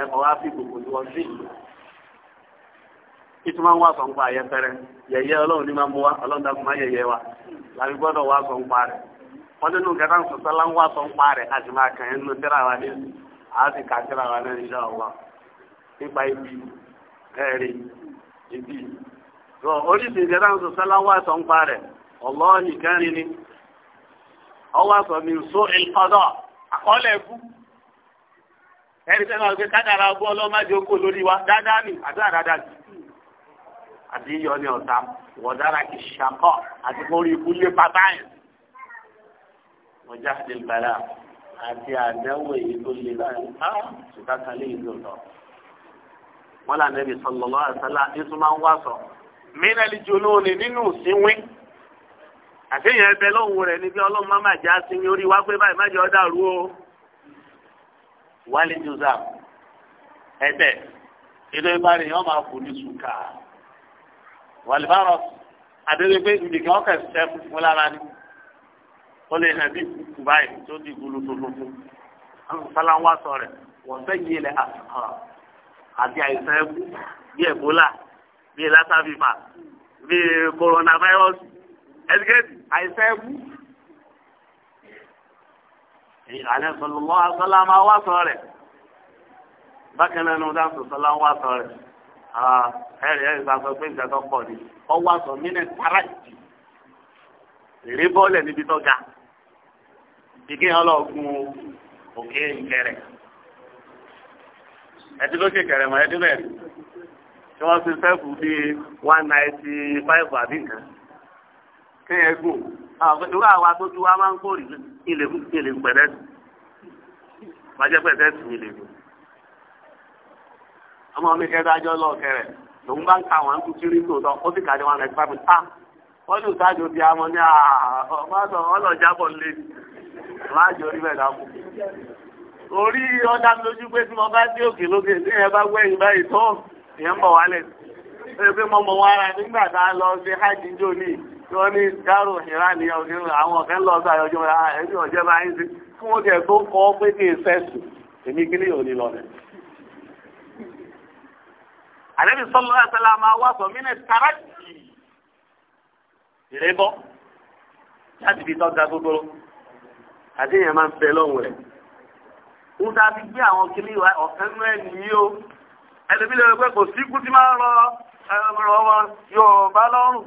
ẹ̀kọ́ wá fi gbogbo ní wọ́n sí ìlú. ìtumọ̀ wá sọ̀ ń pa àyẹ̀fẹ́rẹ́ yẹ̀yẹ́ ọlọ́run ní máa mú wa ọlọ́run dàkú máa yẹ̀yẹ́ wa làbí gbọ́dọ̀ wá sọ̀ ń pa rẹ̀ wọ́n nínú kẹta ń sọ̀tọ́ láń wá sọ̀ ń pa rẹ̀ àti máa kàn yín tẹ́ra wa ní àti kà tẹ́ra wa náà níṣẹ́ ọ̀wọ́ nípa ibi ẹ̀rí ibi. oríṣi kẹta ń sọ̀tọ́ láń wá sọ̀ ń pa rẹ̀ ni ọwọ́ sọ̀ mi sọ àkọọ́lẹ̀ ẹni sẹ́nu àwọn kádàrà ọgbọ́n ọlọ́mọdé oko lórí wa dáadáa ni àbí àdáadáa ni. àti yíyọ ní ọ̀tá wọ̀dára kì í ṣàkọ́ àti kórí ikú lé pátá yẹn. wọ́n já àti ìgbàlá àti àdánwò èyí tó lè láyé á ṣùgbọ́n kalẹ̀ ìlú lọ. wọ́n là nẹ́bi sọlọ́lọ́ àṣálà ètò máa ń wá sọ. mínẹ́lì jòló ni nínú ìsinwín àti ìyẹn ẹbẹ lọ́wọ́ rẹ̀ níbi ọlọ́run má má wálé joseph ẹbẹ ètò ìbáraẹni wọn máa kú ní sùkà wàlúbárọ adéwépé nìkan ọkẹ sẹkù fún lára ni ó lè hàn bí kùkù báyìí tó di gbolo tó lóko àwọn sálá wá sọ rẹ wọn fẹ yé lẹ àtàkàn àti àìsàn ẹkú bí Ebola bí lásàbífà bí coronavirus ẹdíkẹtì àìsàn ẹkú. àlẹ́ sọlọ́lọ́ àṣọlá máa wá sọ rẹ̀ bákan náà ní ọdún àṣọlá wá sọ rẹ̀ ẹ̀rẹ̀ ẹ̀rẹ̀ sọ pé nǹkan tó pọ̀ ni ọ wá sọ mí náà tara jì èrè tí wọ́n ti one ninety five àbí nǹkan gùn àwọn ilé ilé pẹ̀lẹ́ bàjẹ́ pẹ̀lẹ́ sí ilé mi. ọmọ mi kẹta ajọ lọkẹrẹ lòun bá ń ka àwọn kúkiri tòótọ́ ó sì kàdé wọn lẹsí pàmì tá ah, wọn ní òtájò di amọ ní ọmọdé ọlọjàbọ lé láàjọ orí bẹ́ẹ̀ dàpọ. orí ọjà lójú pé tí mo bá dé òkè lókè tí ẹ bá gbẹ̀yìn báyìí tó ìyẹn ń bọ̀ wálẹ̀. pé mo mọ̀ wọn nígbà tá a lọ sí hajj jóni tí wọ́n ní dárò ìrá ní ọdún àwọn ọ̀fẹ́ lọ sí àyọjọ́ ah, ẹni ọ̀jẹ́ máa ń sí fún ó jẹ́ tó kọ́ pé kí n èmi kí òní lọ rẹ̀. àlẹ́bí sọ́lọ́ ẹ̀sẹ̀lá máa wá sọ mílẹ̀ tàràkì ìrẹ́bọ́ láti fi tọ́ga gbogbo àti èèyàn máa ń bẹ lọ́wọ́ rẹ̀. ń dá sí gbé àwọn kí ọ̀fẹ́ nú ẹ̀ nìyí o ẹlẹ́bí lè rẹ̀ pé kò sí kú sí máa ń rọ ọmọ Yorùbá lọ́rùn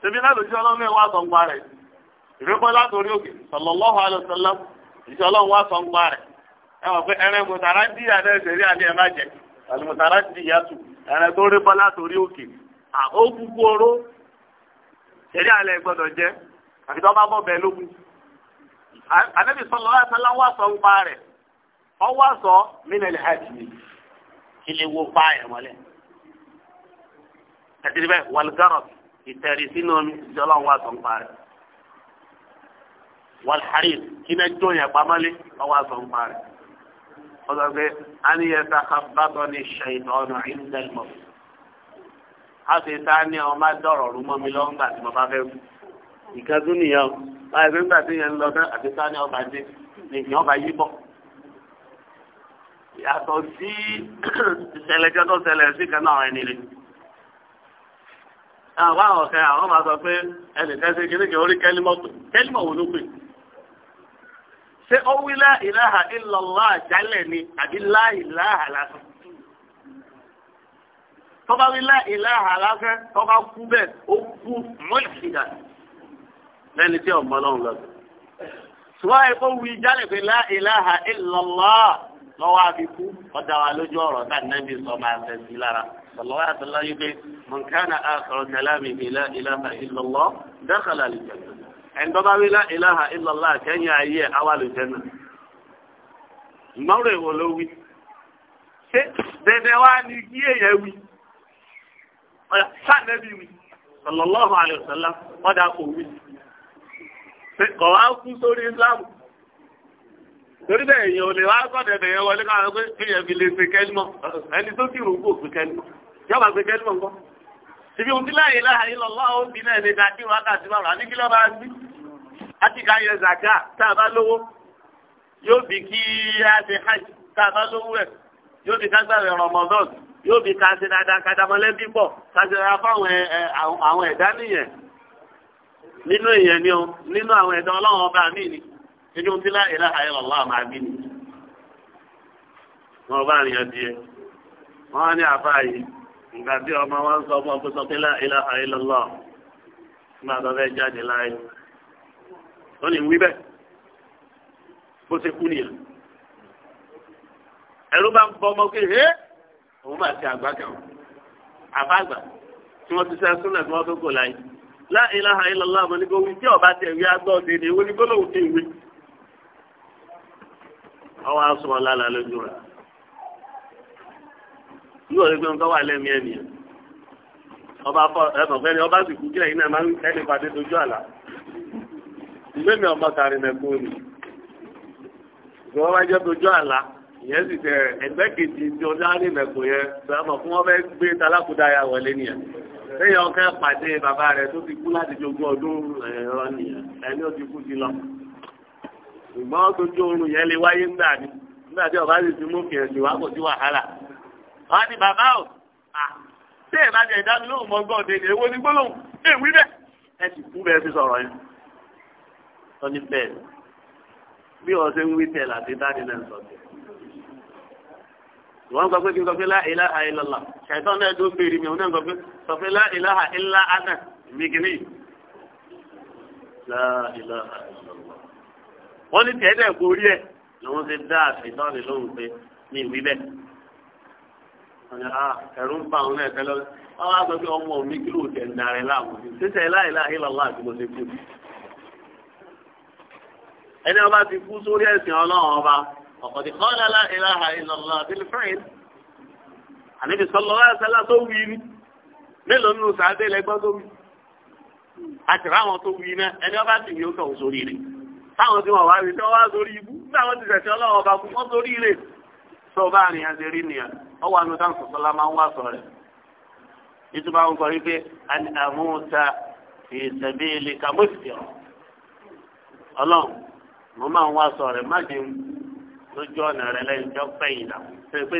tẹ̀bí náà lòdì ọlọ́run náà wá sọ ń pa rẹ̀ ìrẹ́pọ̀ látòrí òkè sallallahu alaihi ìṣẹ́ ọlọ́run wá sọ ń pa rẹ̀ ẹ wọ̀ pé ẹrẹ́ mùtàrà dì yà náà àdé ẹ má jẹ àlùmùtàrà dì yà tù tó rẹ́pọ̀ látòrí òkè à ó gbogbo oró ṣẹ̀rí àlẹ́ gbọ́dọ̀ àfi tó bá bọ̀ bẹ́ẹ̀ ìtẹ̀rí sínú omi ìjọba wa sọ̀ ń parẹ́ wàlhàrìm kí náà jó yẹn pamọ́lé ọwọ́ sọ̀ ń parẹ́ ọ̀sọ̀ pé a ní yẹn ta kábàtọ̀ ní ṣèyìn ọ̀nà ìdẹ́lmọ̀ a sì ta ní ọmọ dọ̀rọ̀ rúmọ́ mi lọ́wọ́ ńgbà tí mo bá fẹ́ ìkan tún nìyẹn o báyìí pé ńgbà tí yẹn ń lọ tán àti ta ní ọba dé nìyẹn ọba yí bọ̀ yàtọ̀ sí ìṣẹ̀lẹ̀ kẹ́tọ̀ sí kan náà àwọn àwọn ọ̀kẹ́ àwọn máa sọ pé ẹnìkan ṣe kìíní kìí orí kẹ́límọ́tò kẹ́límọ̀ wo ló pè ṣé ó wí lá ìláhà ìlọ́lá àjálẹ̀ ni àbí lá ìláhà lásán tọ́ba wí lá ìláhà lásán tọ́ba kú bẹ́ẹ̀ ó kú mọ́lìkìdà lẹ́ni tí ọ̀gbọ́n náà lọ lọ́wọ́ àfikú ọ̀dà wa lójú ọ̀rọ̀ náà nẹ́bí sọ máa fẹ́ sí lára sọlọ́wọ́ àtàlá yìí pé mọ̀nkánà àkọrọ̀ kẹlámi ìlà ìlàhà ìlọ́lọ́ dákàlà àlùjẹ̀nà ẹ̀ńdọ́bá wí lá ìlàhà ìlọ́lá kẹ́yìn ayé àwa àlùjẹ̀nà. ìmọ̀ràn èwo ló wí ṣé dẹ̀dẹ̀ wá ní kí èèyàn wí sáà wí sọlọ́lọ́hùn àlùsọ̀lá ọ̀dà kò wí kọ̀ kú sórí Islam torí bẹ́ẹ̀ èèyàn ò lè wá gbọ́dọ̀ ẹ̀yẹ wọlé káwọn pé kéèyàn fi lè ṣe kẹ́límọ̀ ẹni tó sì rògbò pé kẹ́límọ̀ yọba pé kẹ́límọ̀ ńkọ́. ibi òun ti láàyè láàyè lọ́lá ó ń bí náà ní dàbí wákàtí márùn-ún àní kí ló bá bí. a ti ká yẹ zaka tá a bá lówó yóò bí kí a ṣe hajj tá a bá lówó rẹ̀ yóò bí ká gbàgbé Ramadan yóò bí ká ṣe dáadáa ká damọlẹ́bí pọ̀ ká ṣe ra fáwọn àwọn ẹ̀dá nìyẹn nínú ìyẹn ni o nínú àwọn ẹ̀dá ọlọ́run ọba mi ni inú tí la ilaha illallah máa bí ni wọn bá rìn ọdí ẹ wọn á ní àbá yìí ìgbà tí ọmọ wa ń sọ fún ọkọ sọ pé la ilaha illallah nígbà tó fẹ́ jáde láàyè wọn ní wí bẹ́ẹ̀ bó ṣe kú nìyẹn ẹ̀rú bá ń bọ ọmọ kí ẹ òun bá ti àgbà kan àbágbà tí wọ́n ti sẹ́ súnlẹ̀ tí wọ́n tó kò láyé la ilaha illallah àmọ́ ní kò wí tí ọba tẹ̀ ọwọ́ aṣọ ọ̀làlà lójú rẹ̀ yóò rí pé nǹkan wà lẹ́mìí ẹ̀mí ẹ̀ ọba fọ ẹ̀fọ̀fẹ́ ni ọba sì kú kí ẹ̀yin náà máa ń ẹni pàdé dojú àlà ìgbé mi ọmọ kàrin mẹ́kún ni ìgbé wọn bá jẹ́ dojú àlà ìyẹn sì tẹ ẹgbẹ́ kejì tí ó dárí mẹ́kún yẹn sọmọ fún wọn bẹ́ẹ̀ gbé talákùdá ya wọlé nìyẹn lẹ́yìn ọkẹ́ pàdé bàbá rẹ̀ tó ti kú láti jogún ọdún ẹ̀rọ nìyẹn ẹni ó ti kú ti lọ ṣùgbọ́n tójú oorun yẹn lè wáyé ńgbà ni nígbà tí ọba sì ti mú kìí ẹ̀sìn wá kò sí wàhálà. wọ́n á ní bàbá o ṣé ẹ̀ bá jẹ ìdánilóhùn mọ́ gbọ́n òde ni èwo ni gbólóhùn ẹ̀ wí bẹ́ẹ̀ ẹ sì kú bẹ́ẹ̀ fi sọ̀rọ̀ yẹn. wọ́n ní bẹ́ẹ̀ bí wọ́n ṣe ń wí tẹ̀ láti dáni náà sọ tẹ̀. wọ́n sọ pé kí n sọ pé lá ilaha náà ló béèrè mi òun náà sọ wọ́n ní tiẹ̀ dẹ̀ gorí ẹ̀ lòun ti dá àfihàn rẹ̀ lóhùn pé ní ìwí bẹ́ẹ̀. ẹ̀rù ń pa àwọn náà tẹ́lẹ̀ wọ́n wá sọ pé ọmọ mi kí ló tẹ̀ ń darẹ̀ láàmú sísẹ̀ láìláì lọ́wọ́ àti mo ti kú. ẹni ọba ti kú sórí ẹ̀sìn ọlọ́run ọba ọ̀kọ̀dì kọ́lá láìláha ìlọ́lá àbílí fẹ́yìn. àníbi sọlọ láìsẹ́lá tó wí ni mélòó nínú sàádé lẹ́gbọ́n tó wí. àtìrá àwọn tó wí náà ẹni ọba sì ní ó kàn sórí rẹ̀. táwọn tí wọ́n wá rí wọ́n wá sórí ibú táwọn ti tẹ̀sí ọlọ́wọ́ bá kún wọ́n sórí ilé tó bá rìn àti rí nìyẹn wọ́n wà ní táwọn sọ̀tọ́lá máa ń wá sọ rẹ̀ ìtumọ̀ àwọn kọ̀rí pé àmúta fi sẹ̀bíìlì kàmúsì ọlọ́run mo máa ń wá sọ rẹ̀ má lójú ọ̀nà rẹ̀ lẹ́yìn tó pé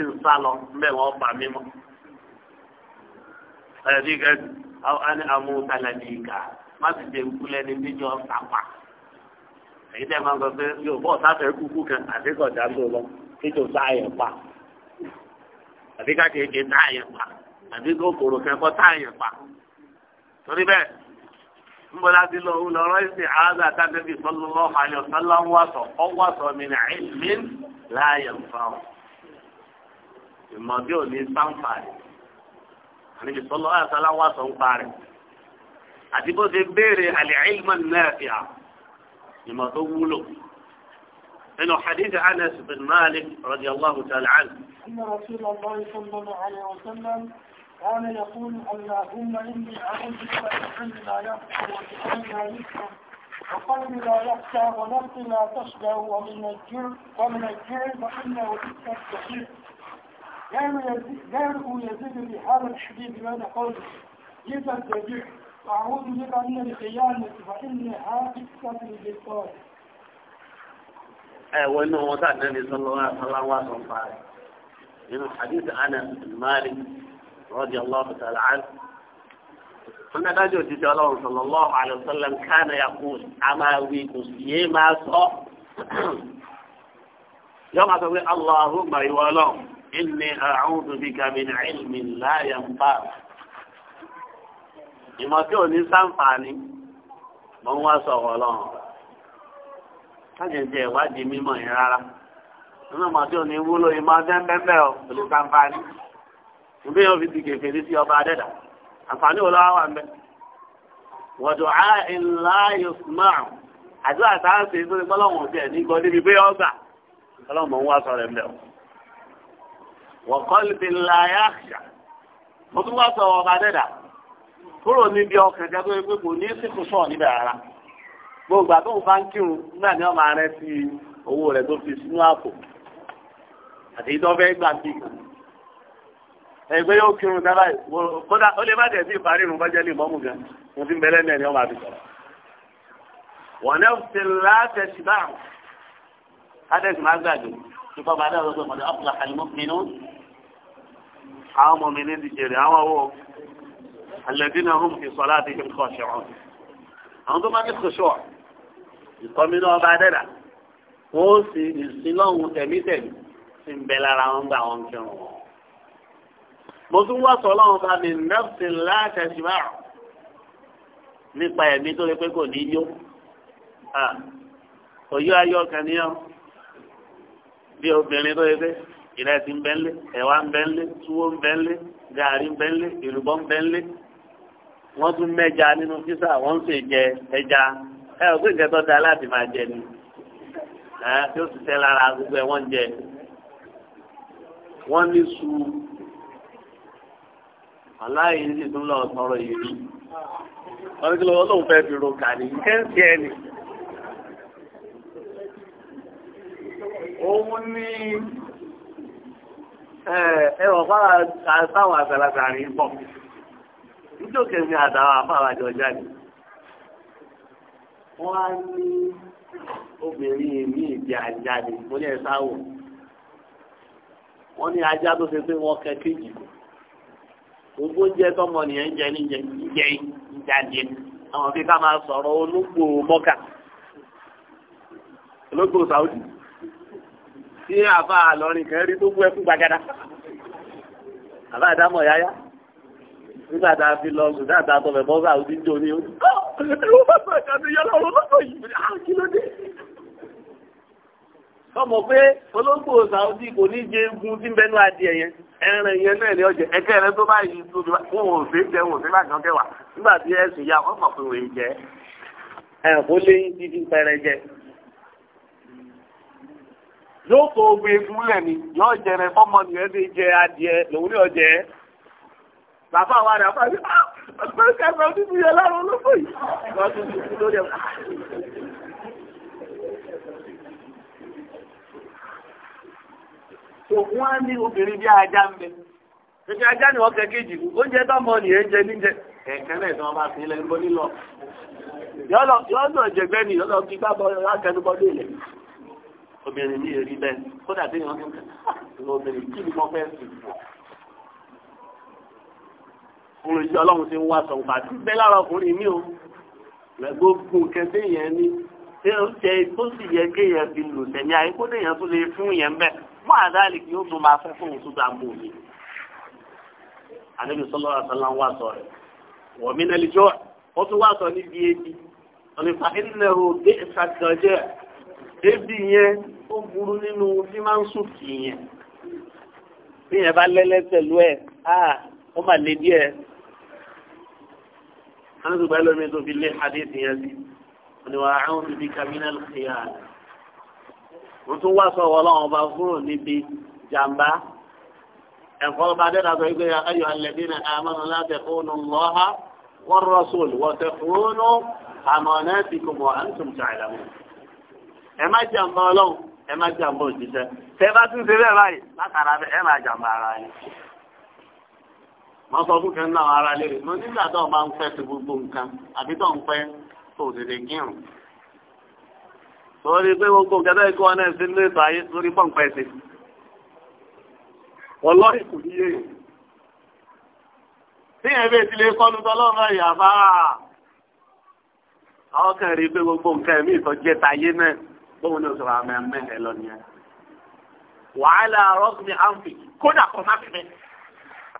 ń sá lọ mbẹ́ wọn pa mí mọ́ ẹ̀ẹ́dì gẹ́gẹ́ àmúta èyí tẹ́ máa ń sọ pé yóò bọ́ sáfẹ́ kúkú kan àdékọ̀ dáńdó lọ títò táyẹ̀ pa àbí kákéèké táyẹ̀ pa àbí kòkòrò kẹ́kọ̀ọ́ táyẹ̀ pa torí bẹ́ẹ̀ nbola ti lọ wúlọ ọ̀rọ̀ ìsìn àádọ àtàkẹbí sọlọmọ àyọ sọlá ń wàsọ ọ wàsọ mi nà ẹ mi láàyè nfa o ìmọ̀ bí ò ní sáǹfà àníbi sọlọ àyọ sọlá ń ń parẹ àti bó ti béèrè àlẹ ìlmọ náà لما طوله إنه حديث أنس بن مالك رضي الله تعالى عنه إن رسول الله صلى الله عليه وسلم كان يقول اللهم إني أعوذ بك من لا يخشى وقلب لا يخشى ونفس لا تشبع ومن الجر ومن الجر فإنه تلك الصحيح لا يزيد لا يزيد بحال الحديث ماذا قوله يزيد الذبيح أعوذ بك من الخيانة فإنها تكتب بالطول ẹ̀wọ̀ inú wọn tá nẹ́ni sọ́lọ́wọ́ àtọ́nfà rẹ̀ nínú hadith Anas bin Malik radiyallahu ta'ala anhu wọn náà dájú òjijì ọlọ́run sallallahu alaihi wasallam kana yaqul a máa wí kò sí yé máa sọ yọ máa sọ pé Allahumma ìwọ ọlọ́run inni a'udhu bika min ilmin la yanfa' ìmọ̀ tí ò ní sáǹfààní mọ̀ ń wá sọ̀rọ̀ ọlọ́run kájẹ̀jẹ̀ ìwádìí mímọ̀ yẹn rárá nínú ọmọ tí ò ní wúlò ìmọ̀ dẹ́ńbẹ́ńbẹ́ ò kò lè sáǹfààní ìbí yóò fi di kèfèrí sí ọba adẹ́dà àǹfààní wo lọ́wọ́ wà ń bẹ́ wọ̀dù àìlá yusma'u àdúrà táà ń ṣe ìṣúni gbọ́lọ́wọ̀n ní gbọ́ níbi pé ọgbà ọlọ́mọ ń wá sọ̀rọ̀ kúrò níbi ọkàn jẹ́ tó yẹ pé kò ní sínkù sọ̀ níbẹ̀ rárá gbogbo àtòun bá ń kírun nígbà ní ọmọ rẹ fi owó rẹ tó fi sínú àpò àti ìdọ́fẹ́ gbà bí ẹgbẹ́ yóò kírun sábà kódà ó lè má tẹ̀ sí ìparí irun bọ́jẹ́ lè mọ́mù gan mo ti ń bẹ lẹ́nu ẹ̀ ní ọmọ àbí sọ̀rọ̀ wọ́n náà ti láti bá àwọn adẹ́sìn gbàgbé nípa bàdá ọ̀rọ̀ ọ̀pọ̀lọpọ̀ alẹ́dínà هم في صلاتهم àti ìhìn kọ́ ṣe hàn. àwọn tó bá ní kòṣọ́ ìkọ́mínú ọba dẹ́dà wọ́n sì ìsìnlọ́hùn tẹ̀mítẹ̀mí sì ń bẹ lára wọn gbà wọn kírun wọn. mo tún wá sọ ọlọ́run bá mi nípa ẹ̀mí tó lè pé kò ní yó òyó ayọ́ kan níyàn bí obìnrin tó yẹ pé ìrẹsì ń bẹ́ńlé ẹ̀wà ń bẹ́ńlé túwó ń bẹ́ńlé gààrí ń bẹ́ńlé ìrùbọ́ ń bẹ́ńlé wọ́n tún mẹ́ja nínú físà wọ́n ń sè jẹ ẹja ẹ ò pé nǹkan tó da láti máa jẹ ni ẹ tí ó sì tẹ́ lára gbogbo ẹ wọ́n ń jẹ wọ́n ní su aláì ní ìdún lọ sọ̀rọ̀ yìí rí wọ́n ní kí lọ́wọ́ lóun fẹ́ fi ro kà ní kẹ́ńtì ẹ̀ nì. òun ẹ ẹ wọ̀ fáwọn àgbàlagbà rí bọ̀. ìjókè mi àtàwọn afáwájọ jáde wọ́n á ní obìnrin mi ìdí ajá ni mo ní ẹ̀sà wò wọ́n ní ajá tó ṣe pé wọ́n kẹ́ kéjì gbogbo oúnjẹ tọmọ nìyẹn ń jẹ níjẹ ìjẹ ìjàdìẹ àwọn fi ká máa sọ̀rọ̀ ológbò mọ́kà ológbò Saudi tí àfa àlọ́rin kan rí tó gbọ́ ẹkú gbagada àbá àdámọ̀ yáyá nígbà tá a fi lọ sùn dáadáa a tọ̀fẹ̀ bọ́sà òdì ń jóni ó. ẹ̀rọ bàbá ìkàdé yálà ọlọ́dọ̀ yìí kí ló dé. sọmọ pé olóńgbò sàódì kò ní jẹ egun tí ń bẹnu adìẹ yẹn ẹran yẹn náà ní ọjọ́ ẹkẹ rẹ tó bá yìí tó bí wọn ò fẹ́ jẹ wọn ò fẹ́ bàjẹ́ kẹwàá nígbà tí ẹsùn yà wọn pé wọ́n ń jẹ ẹ̀rùn kó léyìn dídí pẹrẹ jẹ yóò tó gbé egúnlẹ̀ ni yóò jẹrẹ fọmọ nìyẹn lè jẹ adìẹ lòun ní ọjẹ bàbá wa rẹ̀ àbá yìí ọ̀pẹ́ kẹfẹ́ òdúdú yẹ lọ́rùn olóko yìí wọ́n tún ti lórí ẹ̀ òkun á ní obìnrin bí ajá ń bẹ gẹ́gẹ́ ajá ni wọ́n kẹ́kẹ́ jì oúnjẹ tọ́mọ ni ẹ̀ ń jẹ níjẹ ẹ̀kẹ́lẹ̀ tí wọ́n bá fi ilẹ̀ ń bọ́ nílọ yọ́nà jẹgbẹ́ ni yọ́nà kí gbábọ́ lákẹ́lúbọ́dé ilẹ̀ obìnrin ní èrí bẹ́ẹ̀ kódà tí wọ́n kẹ́kẹ́ ah, obìnrin kí ni mo fẹ́ sí ọkùnrin jẹ́ ọlọ́run ti ń wá sọ̀npá tí bẹ́ẹ̀ lára ọkùnrin mi ò gbogbo kẹsẹ̀ yẹn ni tí ó jẹ tó sì yẹ kéèyàn fi lò tẹ̀mí ayé kó lèèyàn tó lè fún yẹn bẹ́ẹ̀ mú àdáàlì kí ó tó máa fẹ́ fún òtútù àmú mi. àníbi sọlọ àtàlà ń wá sọ rẹ wọ́n mi náà lè jọ ó tún wá sọ níbi ebi ọ̀nìfà ìdílé o dé ìsàkànjẹ́ ebi yẹn ó burú nínú bí máa ń sùn kì yẹn bí yẹn bá lẹ́lẹ́ pẹ̀lú ẹ̀ ah, ó mà lè díẹ̀ wọn tún gbà lómi tó fi lé hadith yẹn sí wọn ni wà á ń fi kàmínà kìíyà wọn tún wá sọ wọn lọ́wọ́ bá kúrò níbi jàmbá ẹ̀kọ́ bá dẹ́ta sọ wípé ayọ̀ alẹ́dínà àmọ́nà láti kúnnù lọ́ha wọ́n rọ́sùl wọ́n tẹ kúnnù àmọ́nà ti kùmọ̀ à ń tún jàìlá mọ́. ẹ má jàmbá wọ́n sọ fún kẹ́ńtà àwọn ará léèrè mo nígbà tó o máa ń pẹ́ sí gbogbo nǹkan àbí tó ń pẹ́ tó o tètè kírun. sọ́ọ́rí pé gbogbo kẹ́tọ́ ikú wọn náà sí ilé ètò ayé lórí pọ́ǹpẹ́ sí. ọlọ́rin kò ní yéèyàn. tí yẹn bẹ́ẹ̀ ti lè kọ́nu tọ́lọ́mọ ìyàbá. àwọn kan rí i pé gbogbo nǹkan ẹ̀mí ìtọ́jẹ́ tayé náà bóun ní òṣèlú àmì àmì ẹ̀ lọ nìyẹn. wàhálà rọ́ọ̀kì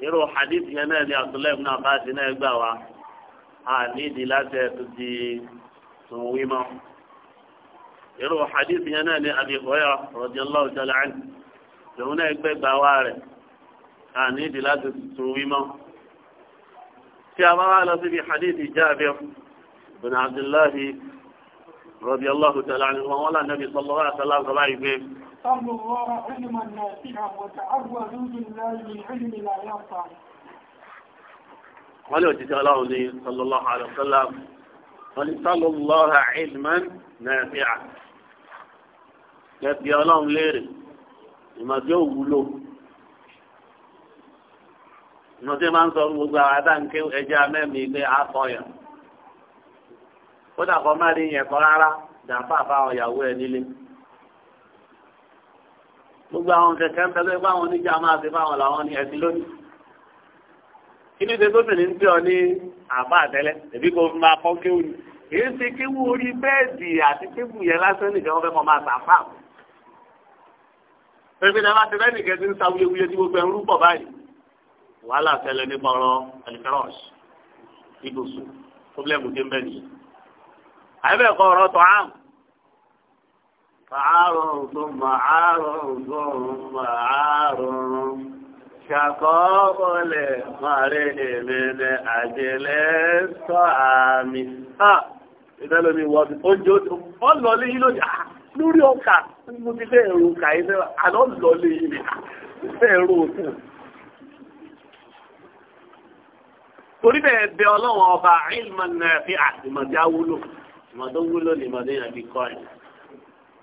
irú hadith yẹn náà ni abdullahi ibn abbas náà gbà wá a nídìí láti ẹ̀tún di tún wí mọ́ irú hadith yẹn náà ni abi hurairah radiyallahu ta'ala anhu lòun náà gbẹ́ gbà wá rẹ̀ a nídìí láti tún wí mọ́ tí a bá wá lọ síbi hadith jabir bin abdullahi radiyallahu ta'ala anhu wọn wọ́n lànà bí sallallahu alaihi wasallam سلوا الله علما نافعا وتعوذوا بالله من علم لا ينفع wọ́n lè òjijì ọlọ́run ní sallallahu alaihi wọ́n ní sallallahu ilman nafi'a lẹ́bi ọlọ́run léèrè ìmọ̀tí ò wúlò máa ń sọ gbogbo àwọn ẹjẹ́ amẹ́mi pé a kódà kọ́ má rí yẹn kọ́ rárá dàpá àbáwọn gbogbo àwọn kẹ̀kẹ́ ń tẹ́lẹ̀ báwọn oníjà máa fi báwọn làwọn ní ẹ̀sìn lónìí. kí ni tètè tóbi ní ń pè ọ ní àbá àtẹ́lẹ̀ èbí kò fi máa kọ́ kéwù ni èyí ṣe kéwù orí bẹ́ẹ̀dì àti kéwù yẹn lásán nìkan wọ́n fẹ́ kọ́ máa sàfà. pépé náà láti rẹ́nì kẹ́ ti ń sa wuyewuye tí gbogbo ẹ̀rú pọ̀ báyìí. wàhálà ṣẹlẹ̀ nípa ọ̀rọ̀ ẹ̀lìfẹ́rọ̀ṣì ibùsùn pọ́blẹ́mù dé mbẹ́ni. àyẹ̀bẹ̀ kọ́ ọ̀rọ̀ tọ́ عرض عرض عرض شقاق للمرء من أجل الطعام ìdá lómi wọ́n ti ó jó ó lọ lé yìí lónìí ah, lórí ọkà mo ti fẹ́ ẹ̀rù ọkà yìí fẹ́ àná lọ lé yìí ah, fẹ́ ẹ̀rù òkú. torí bẹ́ẹ̀ bẹ ọlọ́wọ́n ọba ilman nafi'a àtìmọ̀dé awúlò ìmọ̀dé wúlò ni ìmọ̀dé yẹn fi kọ́ ẹ̀.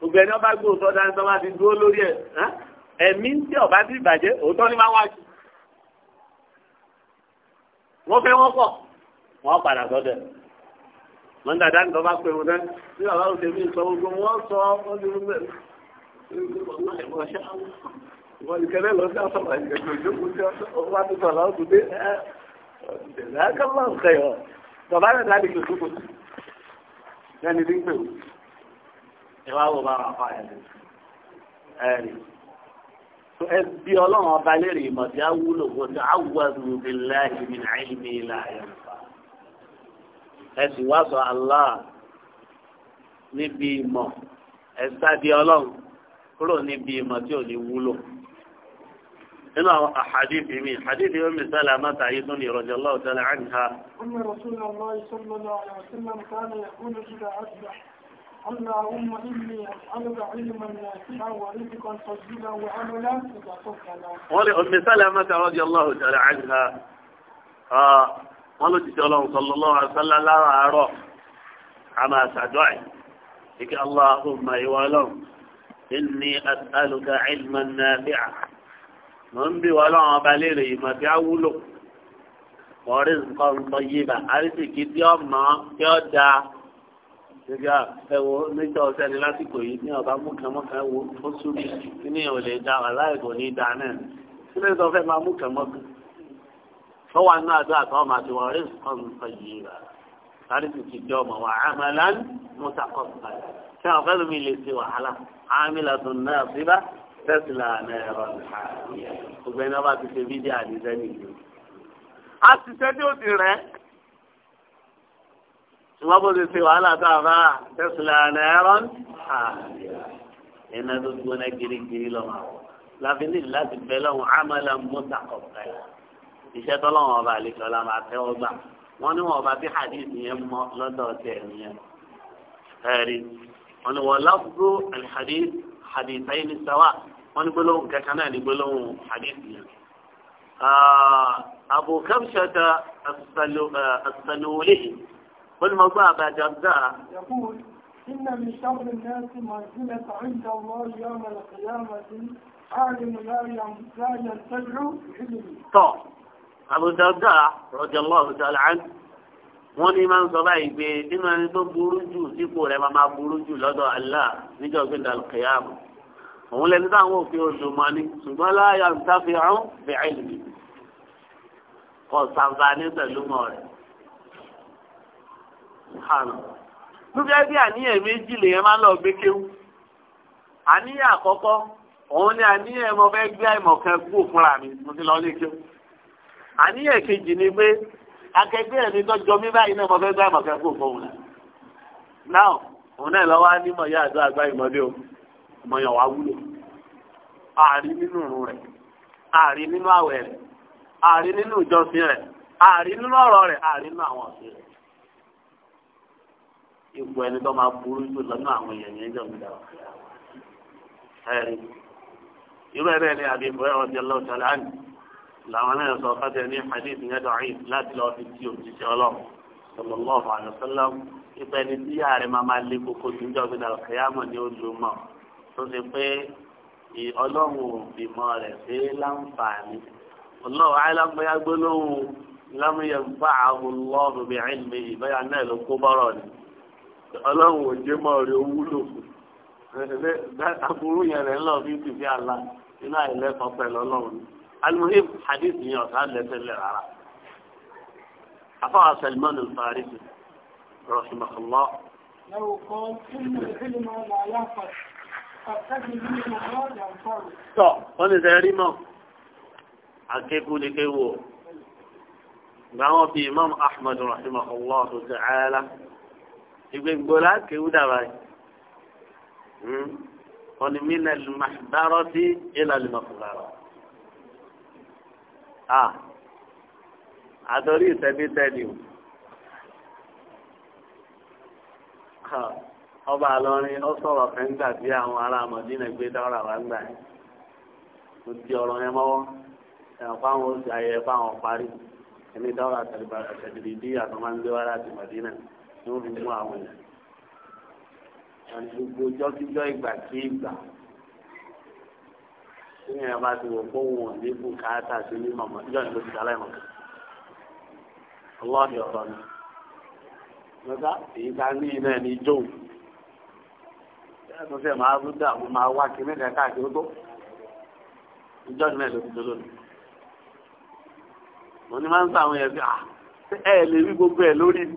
gbogbo ẹni ọba gbòòrò dání tó bá ti dúró lórí ẹ ẹmí tí ọba ti bàjẹ́ òótọ́ ni máa wá jù wọ́n fẹ́ wọ́n pọ̀ wọ́n padà sọ́dẹ̀ wọ́n dàda ní tọ́ba pé wọn dẹ́ bí bàbá òde mi sọ gbogbo wọn sọ ọ́ ní ọmọ ìwọ lọ sí àtọwà ìgbẹjọ ìjókòó sí ọwọ́ àtúntò ọlọ́run tó dé ẹ ẹ kọlọ ọkẹyọ bàbá rẹ dá ní kòtòkòtò lẹni ní pẹ̀lú ìwà wo bá wàá fà ẹ̀ ẹ̀rì tó ẹ bí ọlọ́run ọba léèrè ìmọ̀ tí a wúlò kó tó a wúwa lù bí láàyè mi náà ẹ̀ mi là ẹ̀ fà ẹ sì wá sọ Allah níbi ìmọ̀ ẹ sáàdì ọlọ́run kúrò níbi ìmọ̀ tí ò ní wúlò nínú àwọn àhàdìbì mi àhàdìbì omi sálà mọ́ta yìí tó ní ìrọ̀jọ́ lọ́wọ́ tẹ́lẹ̀ àníhà. ọmọ rẹ̀ sọ́nà ọmọ ìṣọ́nà náà ọ̀sán náà kánà ẹ̀kọ́ ní ṣùgbọ́n àti اللهم إني أسألك علما نافعا ورزقا طيبا وعملا متقبلا. ولأم سلمة رضي الله تعالى عنها آه wọ́n ló ti sọ ọlọ́run sọlọ lọ́wọ́ àṣálá láàárọ̀ a máa ṣàdọ́ ẹ̀ ike aláhùnmá ìwà ọlọ́run inni as'aluka ilman nafi'a mọ̀ ń bí wọ́n ọlọ́run ọba léèrè ìmọ̀ tí a wúlò wọ́n rí nǹkan tọ́ yé bá àrísìkí tí ó mọ̀ tí ó dáa ṣèbí ẹwọ níjọ ọsẹ ni lásìkò yìí ní ọba múkànmọkàn ẹwọ ó súnmi kíní ò lè da aláìkò ní da náà sílẹ̀ tó fẹ́ máa múkànmọkàn fọwọ́ àná àdó àtọ́ máa ti wọ rí nǹkan nǹkan yìí rà láti sì ti jọ ọmọ wa amalan mutaqabbal ṣé àwọn fẹ́ lómi lè ṣe wàhálà amilatun nasiba tẹ́sílà náírà nìkan ọgbẹ́ni ọba ti ṣe fídíò àdìsẹ́ nìyí ṣùgbọ́n bó ti ṣe wàhálà tá a bá tẹ̀sílẹ̀ ẹ̀rọ́n iná tó gbóná girigiri lọ́mọ láfi ní láti bẹ lọ́wọ́ amala mọ́tà ọ̀pẹ́ iṣẹ́ tọ́lọ́wọ́n ọba àlejò ọ̀la máa tẹ́ ọ gbà wọ́n ní wọn ọba bí hadith yẹn mọ́ lọ́dọ̀ ọ̀tẹ̀ nìyẹn ẹ̀rí wọn ni wọ́n lọ́gbó alhadith hadith ayé ní kankan náà ní gbólóhùn hadith yẹn. abu kamshata قل موضوع أبا جرداء يقول إن من شر الناس منزلة عند الله يوم القيامة عالم لا ينتجع علمي طب أبو جرداء رضي الله تعالى عنه wọ́n ní máa ń sọ báyìí pé nínú ẹni tó burú jù sípò rẹ̀ máa burú jù lọ́dọ̀ Allah níjọ́ gbé dàlùkẹ́yàmù òun lẹni táwọn òfin olùmọ̀ni ṣùgbọ́n láyà ń sáfi hàn bẹ̀rẹ̀ lè kọ́ pẹ̀lú mọ́ rẹ̀. lóbi ẹbí àníyàn méjì lèyàn máa ń lọ gbé kéwú àníyàn àkọ́kọ́ òun ni àníyàn mo fẹ́ gbé àìmọ̀ kan kúrò fúnra mi mo ti lọ kéwú àníyàn kejì ni pé akẹgbẹ́ báyìí náà mo fẹ́ gbé kan kúrò náà òun náà lọ́wọ́ yá àdó àgbá ìmọ̀lé o wá wúlò ààrí nínú òun rẹ̀ ààrí nínú àwẹ̀ rẹ̀ ààrí nínú ìjọsìn rẹ̀ ààrí nínú ọ̀rọ̀ ipò ẹni tó máa burú jù lọ́nà àwọn èèyàn yẹn jọ̀ nígbà wọn. ẹ̀rí irú ẹ̀rẹ́ ni àbí ìfọ̀rẹ́ ọ̀dí ọlọ́ọ̀tàlá àná làwọn náà sọ fẹ́tẹ̀ ní hadith yẹn dọ̀ ayé láti lọ́ọ́ fi tí òjíṣẹ́ ọlọ́run sallallahu alaihi wasallam ipò ẹni tí ààrẹ máa máa lé koko jù ń jọ gbé dàrú kẹyàmọ̀ ni ó lu mọ̀ tó ṣe pé ọlọ́run ò bímọ rẹ̀ ṣe láǹfààní ọlọ́run alágbèyàgbólóhùn lámúyẹ̀ ń bá àwọn ọlọ́run bí ẹ̀ẹ́dì méjì báyà náà ló kó bọ́rọ̀ ni. ọlọ́run ò jẹ́ mọ́ rẹ̀ wúlò aburú yẹn rẹ̀ ńlọ bí ti fi àlá iná ìlẹ́kọ̀ọ́ pẹ̀lú ọlọ́run alimuhim hadith yẹn ọ̀sán lẹ́sẹ̀lẹ̀ rárá afọ́wà Salman al-Farisi rahimahullah. لو قال إن العلم لا ينفع tọ́ wọ́n ní sẹ́rí mọ́ akéku ni kéwò gbàwọn bíi imam ahmed rahimahullah ta'ala. ìgbègbò lákéwú dàbà yìí hmm? wọn ni mílẹ̀ lùmàdárọ́ sí ilà lùmàkùnrárọ̀ a ah. àtọ́rí ìtẹ́bítẹ́ni o ah. ọba àlọrin ó sọ̀rọ̀ fẹ́ ń gbà bí àwọn ará àmọ̀dínà gbé dára wá gbà yìí mo ti ọ̀rọ̀ yẹn mọ́wọ́ ẹ̀rọ fáwọn oṣù ayẹyẹ fáwọn parí ẹni dára tẹ̀lé bàtà tẹ̀lé bí àtọ́ máa ń gbé wá láti mọ̀dínà tí ó fi mú àwọn èèyàn gbogbo jọ́kíjọ́ ìgbà sí ìgbà tí èèyàn bá ti wọ̀ pé òun ò ní bùkátà sí ní mọ̀mọ́ ìjọ ìlú ti dáláì mọ̀mọ́ ọlọ́ọ̀dì ọ̀tọ̀ ni lọ́dá èyí ta ní iná ẹni jó ẹ̀sùn sẹ́ máa rú dà mo máa wá kí mẹ́ta káàkiri tó ìjọ ìlú ẹ̀ ló ti dolóni mo ní máa ń sọ àwọn yẹn sí ẹ lè rí gbogbo ẹ lórí mi.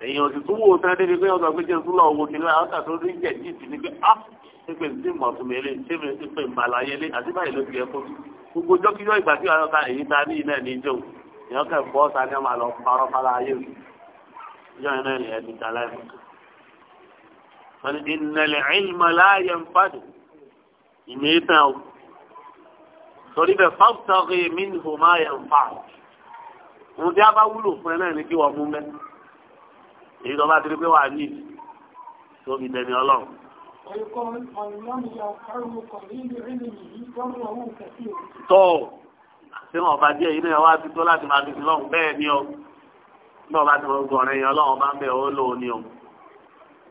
èyàn ò sì tún wò tán débi pé ọ̀sán pé jésù lọ wo kìnìún àwọn tàbí orí jẹ̀ jí ti ní pé á ah, ṣé pé ní mọ̀ fún mi lé ṣé mi ti pè mà láyé lé àti báyìí ló ti yẹ fún mi gbogbo jọ́kíjọ́ ìgbà tí àwọn ọ̀sán èyí ta ní iná ní ìjọ èyàn kẹ́ bọ́ ọ̀sán ní ọmọ àlọ́ parọ́ fara ayé mi ìjọ iná ni ẹni ta láì mọ̀ wọ́n ti nàlẹ̀ ìlmọ̀ láàyè ń fàdù ìmì o torí bẹ́ẹ̀ èyí tó bá ti rí pé wà ní ìdí tó fi dẹni ọlọ́run. tó tí wọn bá díẹ̀ yìí náà wá ti tó láti máa fi lọ́hùn bẹ́ẹ̀ ni o náà bá ti wọn gbọ̀nrẹ̀ yẹn ọlọ́run bá ń bẹ̀ ó lò ó ni o.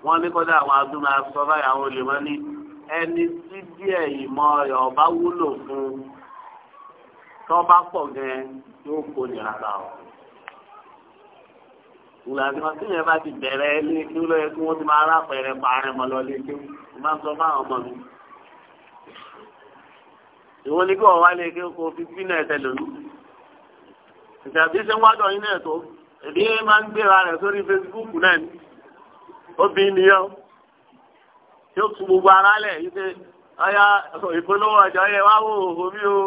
wọ́n ní kọ́dá àwọn adúmọ̀ asọ́ báyìí àwọn olè wọn ní ẹni tí díẹ̀ ìmọ̀ rẹ̀ ọba wúlò fún tọ́ bá pọ̀ gan yóò kó nira ra ọ̀ ìlànà tí yẹn bá ti bẹ̀rẹ̀ ilé kí ló yẹ kí wọ́n ti máa rà pẹ̀rẹ̀ parẹ́ mọ́ lọ lé kí wọ́n máa ń sọ fáwọn ọmọ mi. ìwọ ni kí wọ́n wá lé kí kò fi pínlẹ̀ ẹ̀sẹ̀ lòlú. ìṣàbí ṣe ń wájọ yín náà tó èdè máa ń gbéra rẹ̀ sórí Facebook náà ni obìnrin nìyẹn tí ó tu gbogbo ara lẹ̀ yìí ṣe ọyá ìpolówó ọjọ́ yẹ wá wò ó mi o.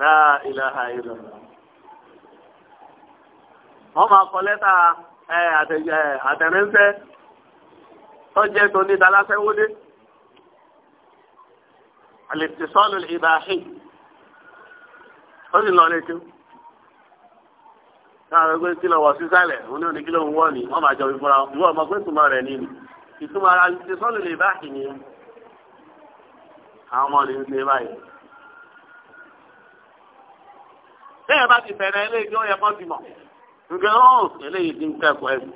láà ilà àìrọ̀ náà wọ́n máa kọ lẹ́tà àtẹ̀rẹ́ńsẹ́ tó jẹ́ tó ní dalásẹ́wọ́dé alìtìsọ́lù ìbáhì ó sì lọ létí káàró pé kí lọ wọ̀ sísàlẹ̀ òun ní oníkílò ń wọ̀ ní wọ́n máa jọ ìfúnra ìwọ ọmọ pé ìtumọ̀ rẹ̀ nínú ìtumọ̀ ara alìtìsọ́lù ìbáhì ni àwọn ọmọ nìyí ṣe báyìí. bẹ́ẹ̀ bá ti fẹ̀rẹ̀ ilé ìjọ yẹ nǹkan ọ̀ eléyìí ti ń kẹ́kọ̀ọ́ ẹ̀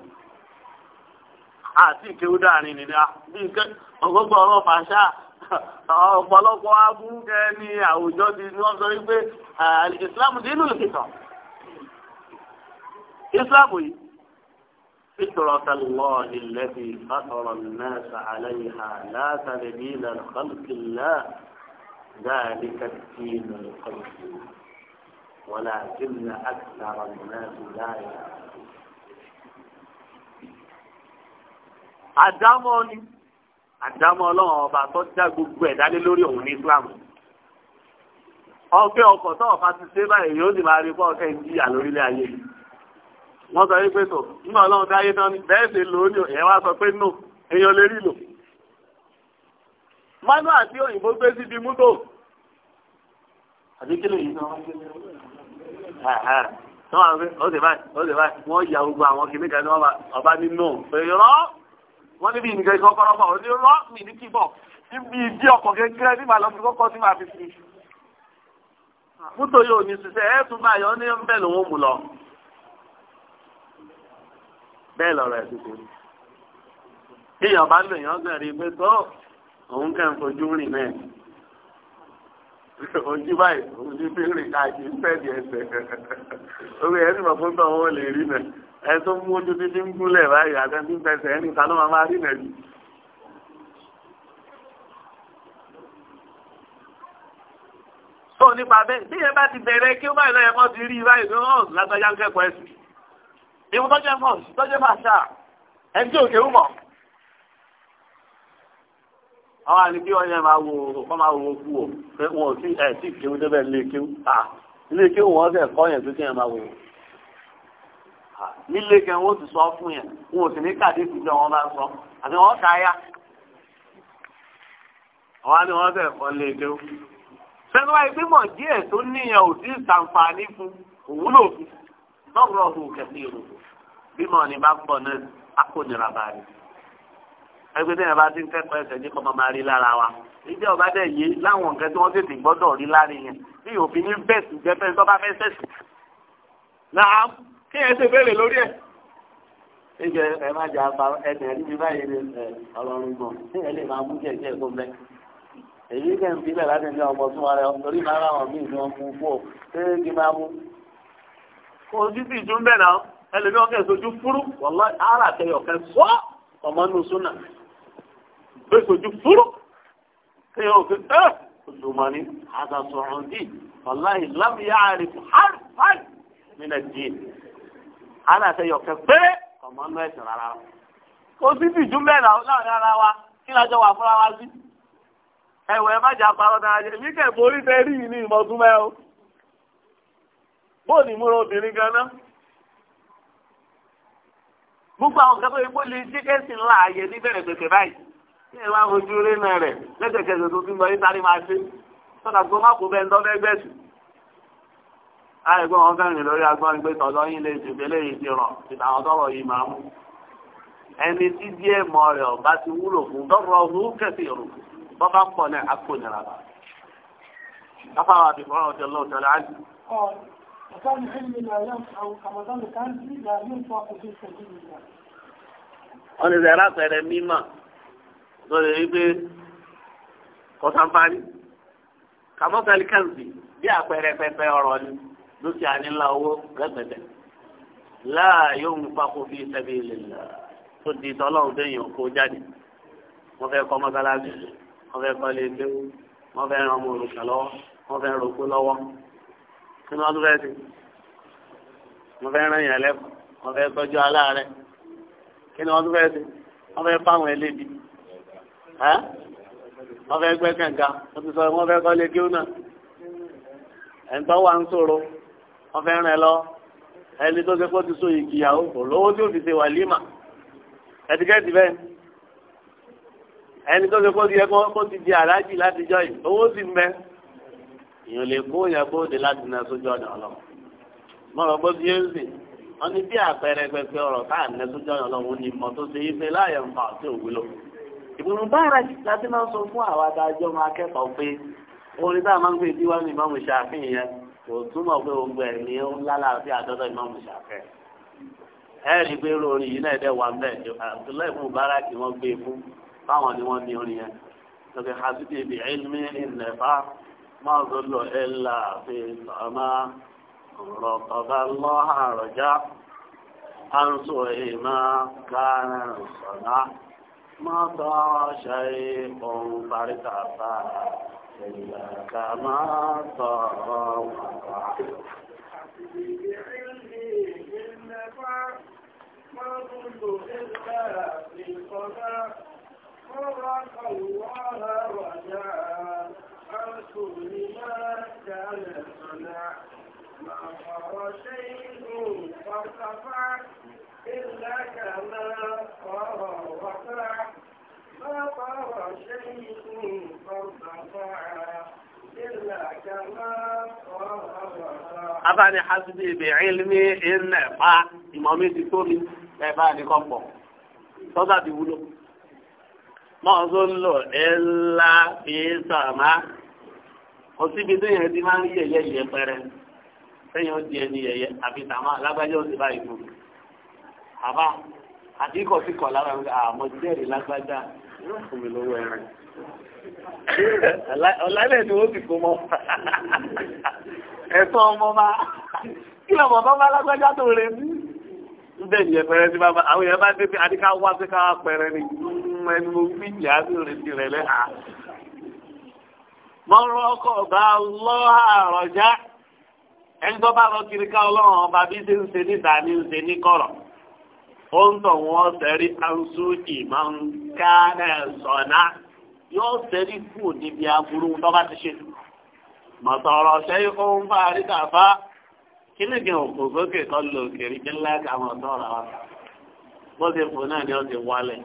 àti ìkéwú dáàrin nìyá bí nǹkan ọgbọ́gbọ́ ọ̀rọ̀ fàṣà ọ̀pọ̀lọpọ̀ abúrúkẹ́ ní àwùjọ ti ní wọ́n sọ wípé Islam dínú lùkìtàn Islam yìí fìtọ̀rọ̀ tàlùwọ̀ ìlẹ́bí fàtọ̀rọ̀ mẹ́sà àlẹ́yìnà látàrí bí ìlànà kọ́lùkìlá dáàrí kàtìkì ìlànà ولكن أكثر الناس لا يعلمون àdámọ́ ni àdámọ́ ọlọ́run ọba tó dá gbogbo ẹ̀dá lé lórí òun ní Islam ọgbẹ́ ọkọ̀ tó ọ̀fà ti ṣe báyìí yóò sì máa rí pọ́ ọ̀kẹ́ ìjìyà lórílẹ̀ ayé wọ́n sọ wípé tó nígbà ọlọ́run dáyé tán ni bẹ́ẹ̀ ṣe lò ó ní ẹ̀yẹ́ wá sọ pé no èèyàn lè rí lò mánú àti òyìnbó gbé síbi mútò àbí kí lè yí náà wọ́n gbé wọ́n wà pé báyìí ó báyìí wọ́n ya gbogbo àwọn kìíní kan ní ọba ní nù wọ́n níbi nǹkan ìkan ó ní rọ́ mi ní kíbọ̀ níbi ìdí ọkọ̀ kékeré nígbà lọ sí kọ́kọ́ fi sí ojú báyìí ojú béèrè káàkiri fẹ́ẹ̀dì ẹsẹ̀ orí ẹni mọ̀ fún tọ́wọ́ lè rí nà ẹ tó mú ojú títí ń gúnlẹ̀ báyìí àtẹ́tí ń fẹsẹ̀ ẹni kan ló máa máa rí nà jù. tó nípa bẹ́ẹ̀ bí yẹn bá ti bẹ̀rẹ̀ kí ó báyìí lọ́yẹ̀ kọ́ ti rí i báyìí lọ́wọ́ lágbájá ń kẹ́kọ̀ọ́ ẹ̀sìn. ìwọ́n tọ́jú ẹ̀fọ́ tọ́jú ẹ̀fọ́ àṣà ẹ̀ àwọn àníbí wọn yẹn máa wo wọn máa wo kú o pé wọn ò tí ẹ débẹ̀ ilé à ilé kéwú wọn kọ́ yẹn tó kéèyàn máa wò nílé kẹ wọn ò sì sọ fún yẹn wọn ò sì ní kàdé ìtújọ wọn bá sọ àti wọn kà á yá àwọn àni wọn fẹ́ kọ́ ilé sẹ́nu wáyé pé mọ̀ díẹ̀ tó níyàn ò sí sàǹfààní fún òwúlò fún lọ́rọ̀ òkè sí ìrù bímọ ni bá pọ̀ náà á nira báyìí ẹgbẹ́ tẹ̀yìn bá ti ń kẹ́kọ̀ọ́ ẹsẹ̀ ní kọ́ máa rí lára wa ìdí ọba dẹ̀ yé láwọn nǹkan tí wọ́n tètè gbọ́dọ̀ rí lára yẹn bí òfin ní bẹ́ẹ̀sì jẹ́fẹ́ tó bá fẹ́ sẹ̀sì. náà kí ẹ ṣe béèrè lórí ẹ̀. ṣé ẹ má jà pa ẹnì ẹ̀rí mi báyìí ní ọlọ́run gbọ̀n ẹ lè máa mú jẹ̀jẹ̀ kó bẹ́ẹ̀. èyí kẹ́ ń filẹ̀ láti ní ọmọ tún wa rẹ torí máa ráwọn míì ní ọmọ fún ọ ṣé kí máa mú. ojú sì tún bẹ̀ náà ẹlòmíràn kẹ́ sojú fúrú wọ́n lọ́ bẹ́ẹ̀ sojú fúrú ṣé o fi ẹ́ olùmọ̀ni àtàtúndì wàláhì lámìyá àrífù hàrfàì nínú ẹ̀dí aláṣẹ yọkẹ péré ọmọ náà ẹ̀sìn rárá o sì tìjú mẹ́ra láàrin ara wa kí lájọ wà fúnra wa sí ẹ̀wẹ̀ má jà parọ́ dára jẹ́ èmi kẹ̀ borí tẹ rí ìní ìmọ̀túnmẹ́ o bóòlù ìmúra obìnrin ganan gbogbo àwọn kẹ́kọ̀ọ́ yìí kó ńlá ààyè níbẹ̀rẹ̀ gbèsè báyìí. ẹ wá fojú rí náà rẹ̀ lẹ́sẹ̀kẹsẹ̀ tó fi mọ ní sáré máa ṣe sọ́dà tó má kó bẹ́ẹ̀ ń dọ́fẹ́ gbẹ̀sù. láìpẹ́ wọn fẹ́ràn lórí agbọ́n pé tọ́lọ́ yín lè ṣègbè léyìí ti rọ̀ ìta àwọn tọrọ yìí máa mú. ẹni tí díẹ̀ mọ rẹ̀ ọ̀bá ti wúlò fún tọrọ ọ̀hún kẹsì rò bọ́bá pọ̀ náà á kò lọ́dọ̀ yìí pé kọ́sánfárí kàmọ́sálí kẹ́ǹsì bí àpẹẹrẹ pẹpẹ ọ̀rọ̀ ni dúkìá nílá owó rẹpẹtẹ láàyò ń pakó fi sẹ́bi ìlẹ̀lẹ̀ tó di tọ́lọ́hún déyìn kó jáde wọ́n fẹ́ kọ́ mọ́sálásí wọ́n fẹ́ kọ́ lé déwú wọ́n fẹ́ ran ọmọ òrùka lọ́wọ́ wọ́n fẹ́ roko lọ́wọ́ kí ni wọ́n tún fẹ́ sí wọ́n fẹ́ ran yẹn lẹ́kọ̀ọ́ wọ́n fẹ́ tọ́jú aláàárẹ̀ kí ni wọ́n tún fẹ́ sí wọ́n fẹ́ fáwọn ẹlẹ́bi ẹ́ wọ́n fẹ́ gbẹ́ kẹ̀ǹga wọ́n ti sọ wọ́n fẹ́ kọ́ lé kí ó náà ẹ̀ńtọ́ wa ń sọ̀rọ̀ wọ́n fẹ́ rìn lọ ẹni tó ṣe kó ti so ìgbìyàwó kò tí ò fi ṣe wàlímà ẹ̀dígẹ́dì bẹ́ẹ̀ ẹni tó ṣe kó ti yẹ kó ti di àlájì láti jọ yìí owó sì ń bẹ èèyàn lè kó yẹn kó de láti na sójú ọ̀nà ọlọ́run mo rọ̀ gbọ́ yẹn ń sè wọ́n bí àpẹẹrẹ pẹpẹ ọ̀rọ̀ káà nẹ́ sójú ọ̀nà ọlọ́run ni mọ̀ tó ṣe yí láàyè ń fa òwúlò ìbùnú bára láti máa sọ fún àwọn adájọ́ máa kẹ́kọ̀ọ́ pé orin tá a máa ń gbé ìdíwá ní ìmáàmù ṣàfihàn yẹn kò túmọ̀ pé gbogbo ẹ̀ ní ó ń lálàáfíà àtọ́tọ́ ìmáàmù ṣàfihàn ẹ rí i pé orin yìí náà dẹ̀ wà mẹ́ẹ̀ Abdullahi ibùnú bára kì wọ́n gbé e fún fáwọn ni wọ́n ní orin yẹn lókè hasidi ibi ìnẹ̀fà máa tó lọ ẹ̀ láàfin sọ̀nà. مضى شيء فارتفع إليك ما صار مضى ما صار شيء فارتفع إلا كما قال وقع ما قال شيء فارتفع Abáni Hasbi ibi ilmi iná ẹ̀fá ìmọ̀ mi ti tóbi ẹ̀fá nìkan pọ̀. Tọ́sà ti wúlò. Máa tó ń lò ẹ́lá fi sàmá. Kò síbi téèyàn ti máa ń yẹ̀yẹ́ yẹpẹrẹ. Téèyàn di ẹni yẹ̀yẹ́ àfi sàmá lágbájá ó ti báyìí fún àbá àdínkọ̀ sí kọ̀ lára àmọ́ ah, jẹ́rìí lágbájá yóò fún mi lówó ẹran ọ̀làlẹ̀ ni ó sì kó mọ́ ẹ̀sọ́ ọmọ máa kí lọ́mọ bá bá lágbájá tó rẹ̀ mí bẹ́ẹ̀ ni ẹ̀fẹ̀rẹ̀ sí bàbá àwọn èèyàn bá dé bí adíká wá sí káwá pẹ̀rẹ̀ ni mm, ẹni mo fi ìyá sí rẹ̀ sí rẹ̀ lẹ́hà. mo ọkọ̀ bá lọ́hà rọjá ẹni tó bá lọ kiri ká ọlọ́run ọba bí ṣe ń ṣe níta ni ń ṣe ní kọ̀rọ̀ ó ń wọ́n sẹ́rí ansu ìmọ̀ ń sọ̀nà yóò sẹ́rí kù níbi aburú tó bá ti ṣe. mọ̀tọ̀rọ̀ ṣe ó bá rí tàfá kí ni kí n kò sókè kọ́ lò kiri kí ńlá kà mọ̀ tọ̀rọ̀ wa. bó ṣe fò náà ni ó ti wálẹ̀.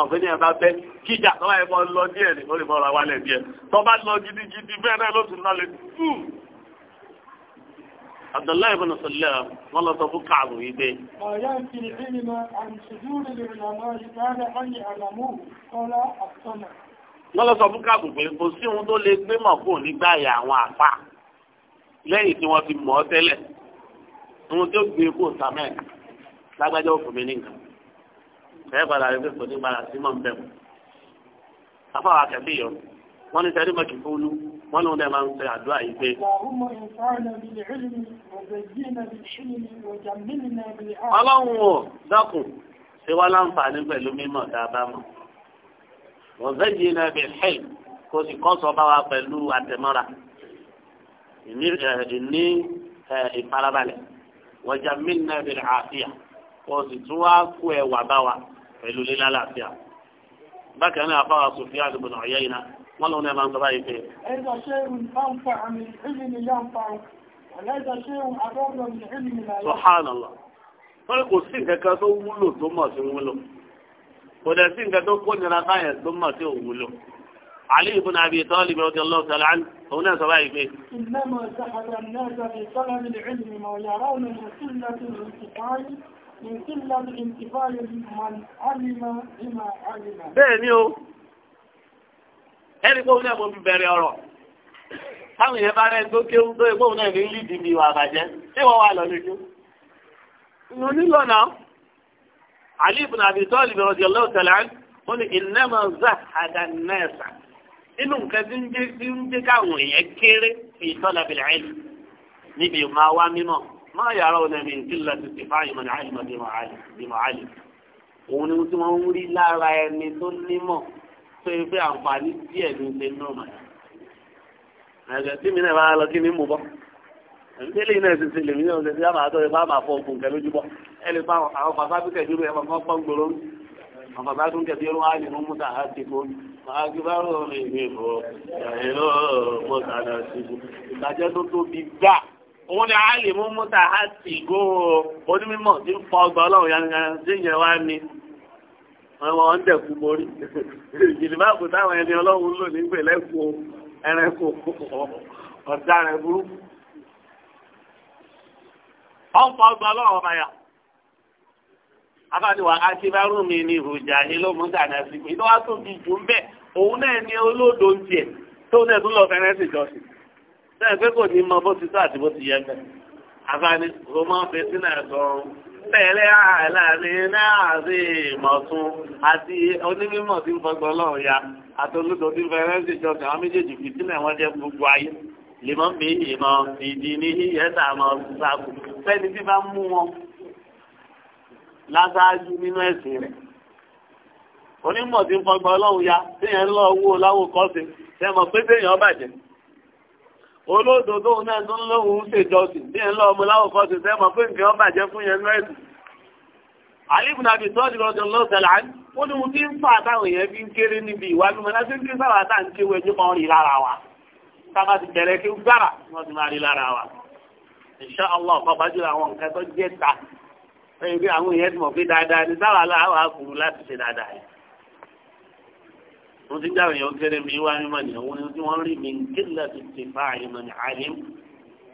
ọ̀gbìn ni ẹ̀ka bẹ́ kíjà tó bá yẹ kó lọ díẹ̀ ni ó lè bọ́ra wálẹ̀ díẹ̀ tó bá lọ gidigidi bẹ́ẹ̀ náà ló tún náà lè tù. Abdullahi ibn Salam wọ́n lọ sọ fún Káàbù yìí pé. Ọ̀yá ń fi ìrìnà àìsùdúrì ìrìnàmọ́ ìdáàdà ọ̀yìn àlàmú kọ́lá àtọ́nà. Wọ́n lọ sọ fún Káàbù pé kò sí ohun tó lè gbé mọ̀ fún nígbà yà àwọn àfà lẹ́yìn tí wọ́n ti mọ̀ ọ́ tẹ́lẹ̀. Ohun tó gbé kó sàmẹ́ lágbájá òfin mi nìkan. Ẹ padà rẹ̀ pé kò ní padà sí mọ̀ ń bẹ̀rù. Afáwà kẹ̀mí yọ, wọ́n ní sẹ́rí mọ̀kì fún olú wọ́n lóun dẹ̀ máa ń ṣe àdúrà yìí pé. ọlọ́run ò dákun ṣe wá láǹfààní pẹ̀lú mímọ̀ dáadáa mọ̀. ọ̀zẹ́jì náà bẹ̀ hẹ́ẹ̀ kó sì kọ́ sọ bá wa pẹ̀lú àtẹ̀mọ́ra ìní ìfarabalẹ̀ wọ́jà mílíọ̀nù náà àfíà kó sì tún wá kú ẹwà bá wa pẹ̀lú lílá láàfíà. bákan náà afáwà Sufyan ibn Uyayna náà wọ́n lọ́nà ẹ̀mà ń sọ báyìí pé. ẹ̀dà ṣéhùn bá ń fa àmì ìlú yá ń fa ọ̀lẹ́dà ṣéhùn àdọ́gbọ̀n ìlú ìlú láyé. Subhanallah. wọ́n kò sí nǹkan tó wúlò tó mọ̀ sí wúlò kò dẹ̀ sí nǹkan tó kó nira báyẹn tó mọ̀ sí òwúlò. علي بن أبي طالب رضي الله تعالى عنه هنا سبعي فيه إنما سحب الناس في طلب العلم ويرون من قلة الانتفاع من قلة الانتفاع من علم بما علم بẹ́ẹ̀ ni o ẹni pé òun náà mo fi bẹ̀rẹ̀ ọ̀rọ̀ táwọn yẹn bá rẹ̀ ń gbókè ń tó ìgbóhùn náà ní lídìí mi wà bàjẹ́ ṣé wọ́n wà lọ lójú. mo nílò náà Ali ibn Abi Talib radiyallahu ta'ala ó ní innama zahada an-nasa inú nǹkan tí ń jẹ́ tí ń jẹ́ káwọn èèyàn kéré fi talab al-ilm níbi máa wá mímọ́ máa yàrá ọ̀nà mi ìdílé ti ti fáyìí mọ̀ ní àyìnbó bí mọ̀ àlè òun ni mo ti máa ń rí lára ẹni tó nímọ̀ tó yẹ pé àǹfààní díẹ̀ ló ń náà mà àgbẹ̀ tí mi náà máa lọ kí ni mú bọ́ ìdílé náà ṣe ṣe lèmi náà ṣe ṣe àmà àtọ́rẹ bá máa fọ ogun kẹ lójúbọ ẹ lè fa àwọn bàbá bí kẹjú ẹ máa pọ́n gbòòrò àwọn bàbá tó ń kẹjú ẹrú wa nínú múta àti kó máa gbé bá rò rè é bò ẹ lọ bó sàdà sí i ìbàjẹ́ tó òun ni àlè mú múta àti kó onímọ̀ tí ń fọ ọgbà ọlọ́run yánnayànna tí ìyẹn wá ní wọn ń dẹ̀kú mórí ìjìnlẹ̀bàkù táwọn ẹni ọlọ́run lò nígbè lẹ́kọ̀ọ́ ẹranko ọ̀daràn burúkú. ọ̀pọ̀ ọgbà ọlọ́run ọba yà afáàdìwà akíbárù mi ni ìròjà yìí ló mú dànù sí pé ìdọ́wà tó fi jù ń bẹ̀ òun náà ni olódo ń tiẹ̀ tó náà tún lọ fẹ́rẹ́ sí ìjọsìn bẹ́ẹ̀ pé kò ní mọ bó ti tó àti bó ti yẹ bẹ́ẹ̀ afáàdì tẹ̀lé àìláàrin náà sí ìmọ̀tún àti onímọ̀ tí ń fọgbọ́n lọ́wọ́ ya àtolótò tí ń ìjọsìn àwọn méjèèjì fi sílẹ̀ wọ́n jẹ́ gbogbo ayé lèmọ́ mi ìmọ̀ ìdí ní yẹ́sà mọ̀ sàkù fẹ́ni tí bá mú wọn lásáájú nínú ẹ̀sìn rẹ̀ onímọ̀ tí ń fọgbọ́n lọ́wọ́ ya téèyàn lọ́wọ́ láwòkọ́sí tẹ́ mọ̀ pé téèyàn bàjẹ́ olódodo náà tó lóhun ṣèjọsìn bí ẹ̀ ń lọ ọmọ láwùkọ́ ti fẹ́ mọ̀ ọba jẹ́ fún yẹn lọ́ẹ̀sì. àlìbùnà àbí tọ́jú lọ́dọ̀ lọ́sẹ̀lá ó ní mo ti ń fà táwọn èèyàn fi ń kéré níbi ìwà mímọ́ láti ń kí sábà tá à ń kéwé ẹjọ́ kan lára wa sábà ti bẹ̀rẹ̀ kí ó gbára wọ́n ti máa rí lára wa. insha Allah pàápàá jùlọ àwọn nǹkan tó jẹ́ ta ẹ̀yìn pé àwọn èèyàn ti mọ̀ pé dáadáa ní sábà láwa kù láti ṣe dáadáa yìí wọ́n ti dáhùn yẹn kéré mi wá mímọ́ ni àwọn ohun tí wọ́n rí mi kílà ti ti fa àyèmọ̀ ní àlè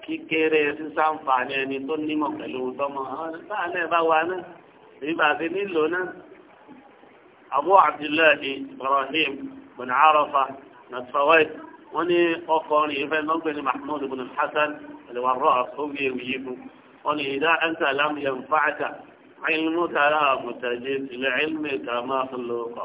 kíkéré sísàǹfààní ẹni tó nímọ̀ pẹ̀lú tọmọ táà náà bá wà náà èyí bá ti nílò náà. Abu Abdullahi Ibrahim bin Arafa Nàtfàwáì wọ́n ní ọkùnrin ìfẹ́ lọ́gbẹ̀ẹ́ ní Mahmoud bin Hasan alwarọ́ àfọwé wíyí fún wọ́n ní ìdá ẹ̀ńtà lámúyẹ̀ fàáta ilmú tààrà àbùtàjẹ́ ilẹ̀ ilmẹ̀ kàmáà lóko.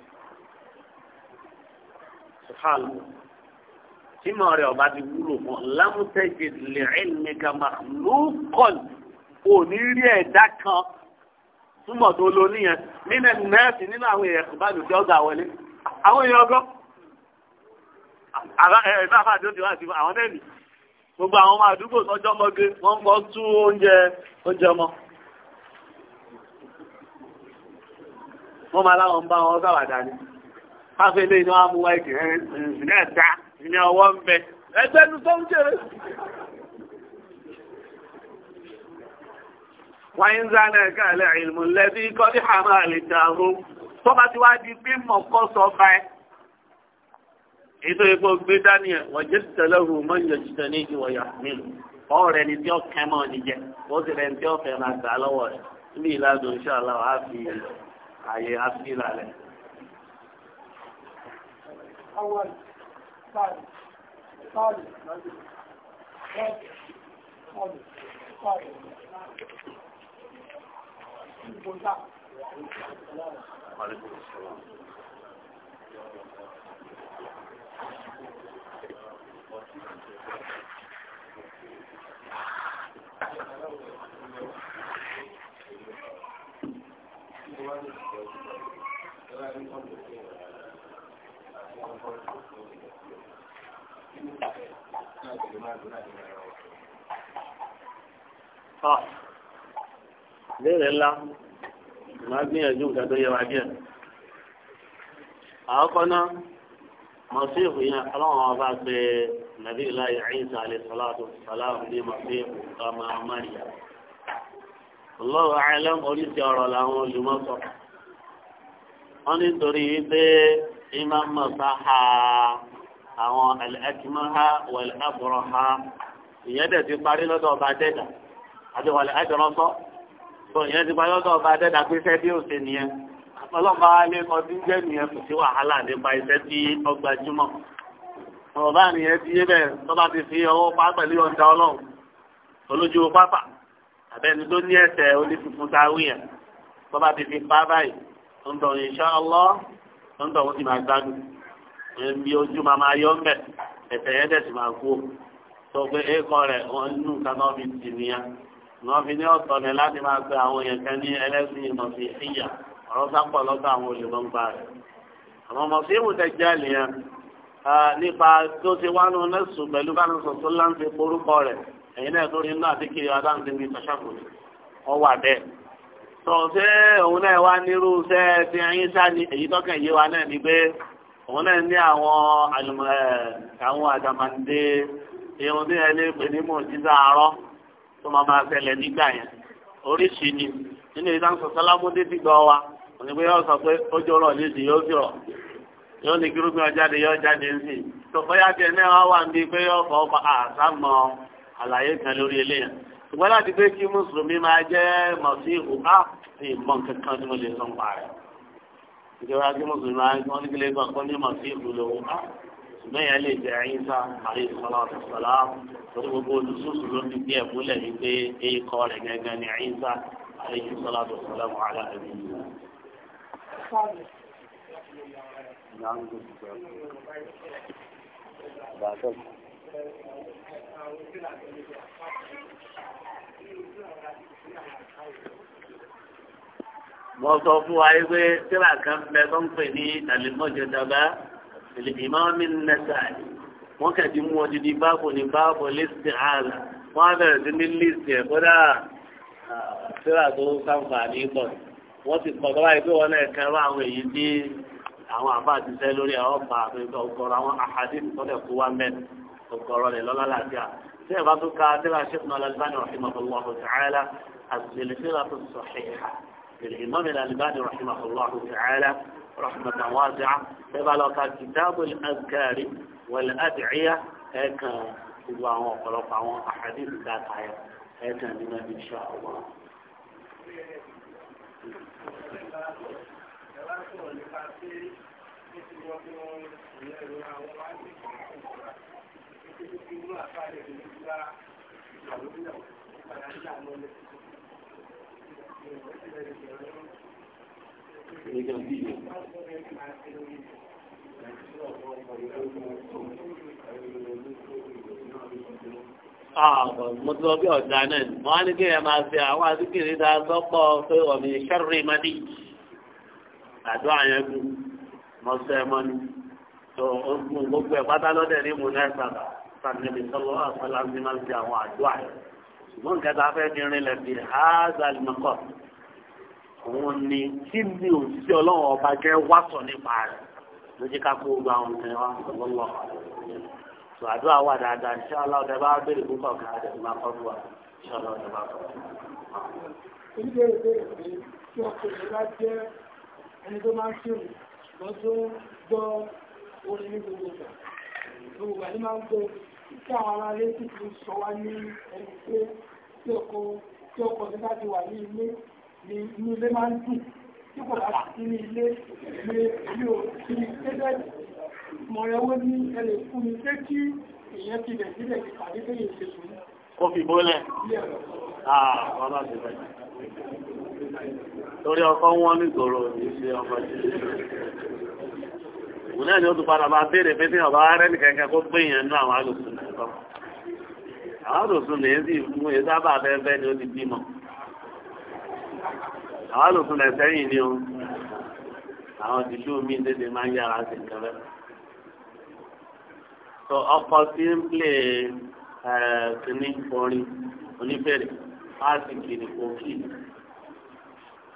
sùhàn tí mọ̀ rẹ̀ ọba ti wúlò mọ́ lámútẹ́jì lẹ́ẹ̀ẹ́nìkà màlúkọ̀n òní rí ẹ̀dá kan túmọ̀ tó lo níyẹn nínú nẹ́ẹ̀sì nínú àwọn èèyàn kò bá lù tí ó gbà wọlé àwọn èèyàn ọgọ́ ẹ̀ẹ́dá àfáàdé ó ti wá sí àwọn mẹ́rin gbogbo àwọn ọmọ àdúgbò sọjọ́ mọ́gé wọ́n ń bọ́ tú oúnjẹ oúnjẹ ọmọ wọ́n máa láwọn ń bá wọn sáwàdà ni káfẹ́ lé ní wọ́n mú wáyé kì ní ẹ̀dá ní ọwọ́ ń bẹ ẹgbẹ́ nu tó ń jèrè. wáyé ń zá náà kálẹ̀ ìlmù lẹ́bí kọ́dí hàmà àlìjàrú tó bá ti wá di pé mọ̀kọ́ sọ bá ẹ. ètò epo gbé daniel wọ́jẹ́ tẹ̀lé hu mọ́nyọ̀ jìtẹ̀ ní ìwọ̀yà mi ọ̀rẹ́ ni tí ó kẹ́ mọ́ ni ó sì rẹ̀ ni tí máa gbà lọ́wọ́ rẹ̀ níbi ìlànà ìṣàlá wàá fi àyè àfihàn rẹ̀. أول ثاني ثالث ثالث ثالث وعليكم السلام Thank you léèrè ńlá máa gbìyànjú nǹkan tó yẹ wá díẹ̀ àkọ́kọ́ náà mọ̀síìfù yẹn ọlọ́run ọba pé nàbí láyé àyíṣà àlẹ́sọ̀láàtò sàlámù ní mọ̀síìfù ọmọ Maryam lọ́wọ́ àìlẹ́m oríṣi ọ̀rọ̀ làwọn olùmọ̀sọ̀ wọ́n nítorí pé imam masaha àwọn alẹ́kìmọ́ha wàlẹ́kàbọ̀rọ̀ha ìyẹn dẹ̀ ti parí lọ́dọ̀ ọba dẹ́dà àti wàlẹ́kàjọ́rọ́sọ́ tó ìyẹn ti parí lọ́dọ̀ ọba dẹ́dà pé fẹ́ bí ó ṣe nìyẹn ọlọ́mọ alẹ́ kan tí ń jẹ́ nìyẹn kò sí wàhálà nípa iṣẹ́ tí ọgbà jùmọ̀ ọba nìyẹn ti yé bẹ́ẹ̀ tó bá ti fi ọwọ́ pa pẹ̀lú ọ̀dà ọlọ́run olójú pápá àbẹ́ni tó ní ẹ̀sẹ̀ onífífún táwí yẹn ti fi pa báyìí ń bọ̀ insha Allah tọ́ńtọ̀ wọn sì máa gbádùn ẹ̀mí ojú máa máa yọ ńbẹ̀ ẹ̀sẹ̀ yẹn tẹ̀sí máa kú sọ pé ẹ̀kọ́ rẹ̀ wọ́n nù kaná fi tì níyà wọ́n fi ní ọ̀tọ̀ ni láti máa pe àwọn èèyàn kan ní ẹlẹ́sìn ìmọ̀ sí ìyà ọ̀rọ̀ sápọ̀ lọ́dọ̀ àwọn olùgbọ̀ngbà rẹ̀ àwọn ọmọ sí ìwòsàn jẹ́ àlìyàn nípa tó ti wá nù lẹ́sùn pẹ̀lú bá nùsọ̀ tó tó rí sọ̀fẹ́ òun náà wá nírú iṣẹ́ ti ẹyin sáni èyí tọ́kàn yé wa náà ni pé òun náà ní àwọn àwọn irun tí ẹni pè ní mòjíṣà àárọ̀ tó máa máa ṣẹlẹ̀ nígbà yẹn oríṣi ni nínú ìdáhùn sọ̀tọ́ lámúdé ti wa pé yóò sọ pé ó léṣe yóò yóò ní yóò jáde ń sìn tó tiẹ̀ náà wà ń pé yóò fọ́ ṣùgbọ́n láti pé kí mùsùlùmí máa jẹ́ mọ̀sí ìhùbá ní ìmọ̀ kankan tí mo lè sọ pa rẹ̀ ìjọba kí mùsùlùmí máa ń wọ́n nígbìlẹ̀ gbà ní mọ̀sí ìhùlò ìhùbá ṣùgbọ́n ìyá lè jẹ́ ẹyin sá àrí ìsọlá ọ̀sọ̀lá lórí gbogbo olùsúsù ló fi bí ẹ̀múlẹ̀ yìí pé èèkọ́ rẹ̀ gẹ́gẹ́ ní ẹyin sá àrí ìsọlá ọ̀sọ̀lá Thank you mo sọ fún wa yìí pé tíra kan bẹ tó ń pè ní àlèmọ́jọ dàbá ìmọ̀ọ́mí nẹ́sàáì wọ́n kẹ̀dí mú odidi báàbò ní báàbò lísìtì ààrẹ wọ́n á bẹ̀rẹ̀ sí ní lísìtì ẹ̀ kódà tíra tó sáǹfààní pọ̀ wọ́n ti pọ̀ tó báyìí pé wọ́n náà kẹrọ àwọn èyí tí àwọn àbá àtisẹ́ lórí ọ̀pá àti ọ̀gọ̀rọ̀ àwọn àhàdí tó tẹ̀ mẹ́rin. gbogbo ọ̀rọ̀ rẹ̀ lọ́lá làbíà tí ẹ̀ bá tó ka tí wàá ṣèkùn al-Albani tó الألباني رحمه الله تعالى رحمة واسعة تبلغ كتاب الأذكار والأدعية هيك الله وقلق عن أحاديث ذات عيب هيك لنا إن شاء الله Thank you. mo ti lọ bí ọ̀dà náà ni wọ́n á ní kí ẹ máa ṣe àwọn àdúgbìrì dáa sọ́pọ̀ pé ọ̀mì ìṣẹ́rì mọ́dí àdó àyẹ̀kú mọ́sẹ́ mọ́ni tó gbogbo ẹ̀ pátá lọ́dẹ̀ ní mo náà sábà sànẹ́bí sọ́lọ́ àpẹẹlẹ ní máa ń fi àwọn àjọ àyè ṣùgbọ́n nǹkan tá a fẹ́ fi rinlẹ̀ bí haza limọ́kọ̀ òun ni kí ni òṣìṣẹ́ ọlọ́run ọba jẹ́ wàsọ̀ nípa rẹ̀ ló jẹ́ ká kó gba àwọn ọmọ wa lọ́lọ́ tó àdúrà wà dáadáa ní sọ́lá ọ̀dẹ bá béèrè púpọ̀ kan àti ìgbà kan fún wa sọ́lá ọ̀dẹ bá kọ́ ẹni tó máa ń ṣèrò ṣùgbọ́n tó gbọ́ orin ní gbogbo ìgbà. Gbogbo ìgbà máa ń gbọ́ títí àwọn ará ilé tí kìí sọ wá ní ẹni pé tí ọkọ tí ọkọ tí bá ti wà ní ilé ní inú ilé máa ń dùn tí kò bá sí ní ilé ní ilé ò sí ní tẹ́lẹ̀ mọ̀rẹ́wó ní ẹlẹ́ fún mi pé kí èèyàn ti bẹ̀ sílẹ̀ kí pàdé tẹ́lẹ̀ ṣe sùn. ó fi bólẹ̀ àwọn ah, bá ti torí ọkọ wọn nígboro ìṣe ọmọ ìṣe òun náà ni ó tún padà máa béèrè pé tí ọba rẹ nìkankan kó gbé yẹn nú àwọn alòsùn lè sọ àwọn alòsùn lè sì mú èyí sábà bẹ́ẹ̀ ni ó ti bímọ àwọn alòsùn lè sẹ́yìn ni o àwọn ìdílé omi tètè máa ń yára sí nǹkan rẹ. sọ ọkọ tí ń plè kìnnìkan orin oníbẹ̀rẹ̀ á sì kìnnìkan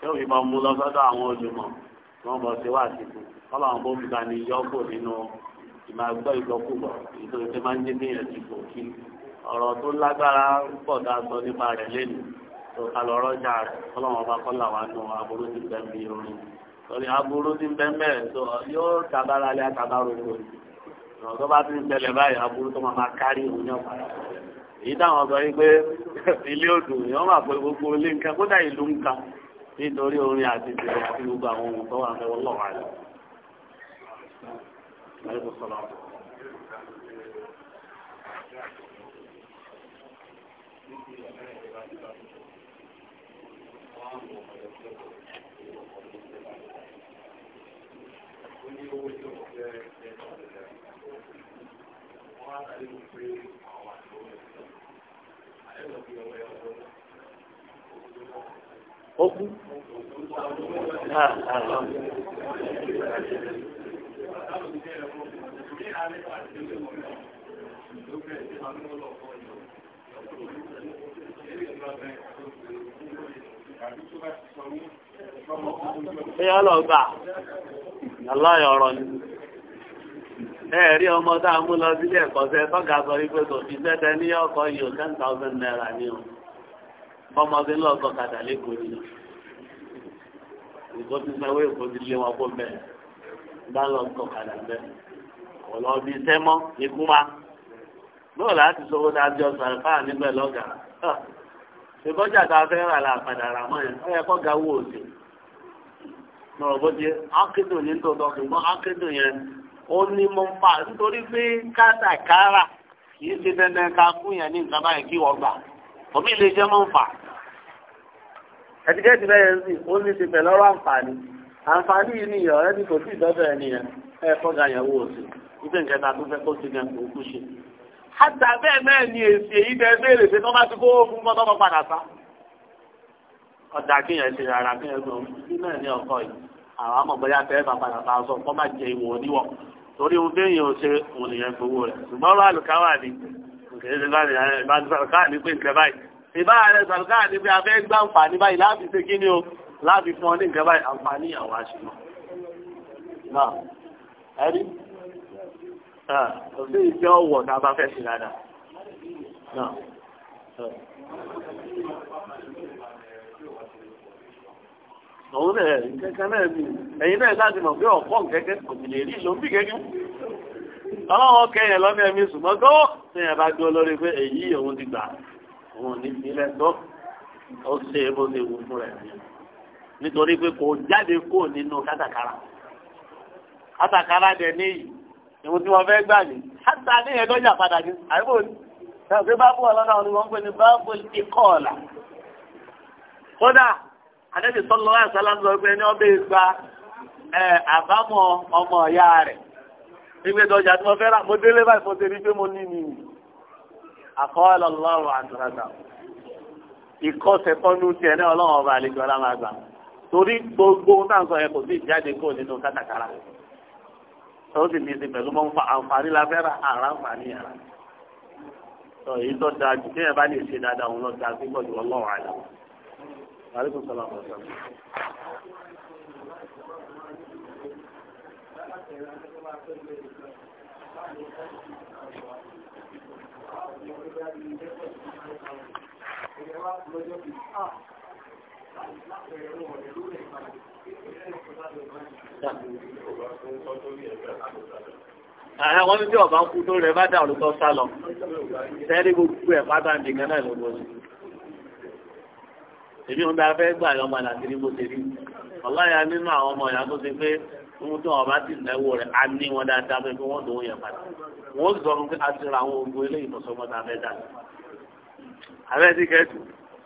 tí ó fi máa mú lọ sọ́dọ̀ àwọn olùmọ̀ tí wọ́n bọ̀ sí wà síkù kọ́lá àwọn bó fi ta ni yọ́kù nínú ìmọ̀ àgbọ̀ ìgbọ́kùgbọ̀ nítorí pé máa ń dé níyẹn ti kò kí ọ̀rọ̀ tó lágbára pọ̀ dá sọ nípa rẹ̀ lẹ́nu tó ká lọ rọ́jà rẹ̀ kọ́lá wọn bá kọ́lá wa nù aburú ti bẹ́ẹ̀ bí orin torí aburú ti bẹ́ẹ̀ bẹ́ẹ̀ tó yóò tabára lé àtàbárò kò ọ̀rọ̀ tó bá ti èyí táwọn sọ yìí pé ilé òdùn yìí wọ́n máa pẹ gbogbo ilé nǹkan kódà ìlú nǹkan nítorí orin àti ìbẹ̀rẹ̀ àti gbogbo àwọn ohun tó wà ń lọ́wọ́ lọ́wọ́ àlè. Ó kú. Ẹyọ́ lọ gbà, aláyọ̀ ọ̀rọ̀ ni. Ẹ̀rí ọmọ tá mú lọ ẹ̀kọ́ sẹ́ tọ́gà sọ fi ní ọkọ̀ yìí naira ìkó ti sanwó ìkó ti lé wọn kó bẹ́ẹ̀ bá lọ tọ̀ kàdà bẹ́ẹ̀ ọ̀lọ́ bíi sẹ́mọ́ ikú ma bóò láti sọ wọ́n dájọ́ sàrẹ́fà níbẹ̀ lọ́gà ìkọjà tá a fẹ́ rà là padà rà mọ́ yẹn ó yẹ kó ga owó òsè lọ́rọ̀ bó ti ákédò ní tòótọ́ ṣùgbọ́n ákédò yẹn ó ní mọ́ pa nítorí pé kátàkárà kì í ṣe dandan ká kú yẹn ní nǹkan báyìí kí wọ́n gbà òmí lè jẹ́ mọ́ fà á ẹtikẹ́tì bẹ́ẹ̀ sì ó ní ṣe pẹ̀lú ọ̀rọ̀ àǹfààní àǹfààní yìí nìyẹn ọ̀rẹ́ bí kò sí ìdọ́fẹ́ ẹnìyẹn ẹ fọ́gà yẹ̀wò òsì ipe nǹkan ta tó fẹ́ kó ti gan òkú ṣe. àtà bẹ́ẹ̀ náà ni èsì èyí tẹ béèrè pé tọ́ bá ti kó fún bọ́ tọ́mọ padà sá. ọ̀dà kíyàn ṣe rárá kíyàn gbọ́ bí náà ní ọkọ yìí àwọn àmọ̀ bóyá tẹ́ bá padà sá sọ kọ́ má jẹ ìwò oníwọ̀ torí ohun téèyàn ò ṣe òun nìyẹn gbowó rẹ̀ ṣùgbọ́n ọ̀rọ̀ ni kì í ṣe báyìí bá ní pé nǹkan báyìí ìbá rẹ̀ sàlùkà ní pé a fẹ́ gbá àǹfààní báyìí láti ṣe kí ni o láti fún ọ ní nǹkan báyìí àǹfààní àwọn àṣìmọ́. ẹ̀rí ọ̀sẹ̀ ìjọ ọ̀wọ̀ tá bá fẹ́ sí dáadáa. òun náà kẹ́kẹ́ náà bí ẹ̀yin náà láti mọ̀ pé ọ̀pọ̀ kẹ́kẹ́ kò sì lè bí kẹ́kẹ́ ọlọ́wọ́ kẹyìn lọ́nà ẹ̀mí sùgbọ́n gọ́wọ́ tí ẹ̀ gbé olórí pé èyí òun ti gbà wọn ò ní sílẹ̀ tó ó ṣe bó ṣe wù fún rẹ̀ nítorí pé kò jáde kó nínú kátàkárà kátàkárà dẹ̀ níyì ìwọ tí wọ́n fẹ́ gbà ní hátà ní ẹ̀dọ́ yà padà ní àyẹ̀wò ní ṣàfihàn báàbù ọlọ́dà wọn ni wọ́n ń pè ní báàbù ikọ̀ ọ̀la kódà adébí sọlọ láti sálámù lọ pé ní ọbẹ̀ ìgbà ẹ àbámọ̀ ọmọ ọ̀yá rẹ̀ ìgbẹ́dọ̀jà tí wọ́n fẹ́ rà mo délé báyìí mo ti rí pé mo ní nìyí àkọọ́lẹ̀ ọlọ́run àdúrà ìkọ́sẹ̀ kọ́nú tiẹ̀ náà ọlọ́run ọba àlejò ọlá máa gbà torí gbogbo náà sọ yẹn kò sí ìjáde kó nínú kátàkárà tó sì ní í ṣe pẹ̀lú mọ́ nfa àǹfààní la fẹ́ràn àrà àǹfààní yàrá tó èyí tó da jù kéèyàn bá lè ṣe dáadáa òun lọ da pípọ̀ jù ọlọ́run àlọ́ Thank you. àwọn wọn tí ọba ń kú tó rẹ bá dà olùkọ sá lọ sẹ́rí gbogbo ẹ̀ pátá nìkan náà ló èmi ń da gbà yọ ọmọ àti ní bó ṣe ọláyà nínú àwọn ọmọ ìyá tó pé ohun tó ọba ti náwó rẹ̀ á ní wọn dáadáa pé wọ́n tó ń yẹ padà wọ́n sọ fún pé a ti ra àwọn ogun eléyìí mọ̀sọ́mọ́ta abẹ́ dà abẹ́ ti kẹ́tù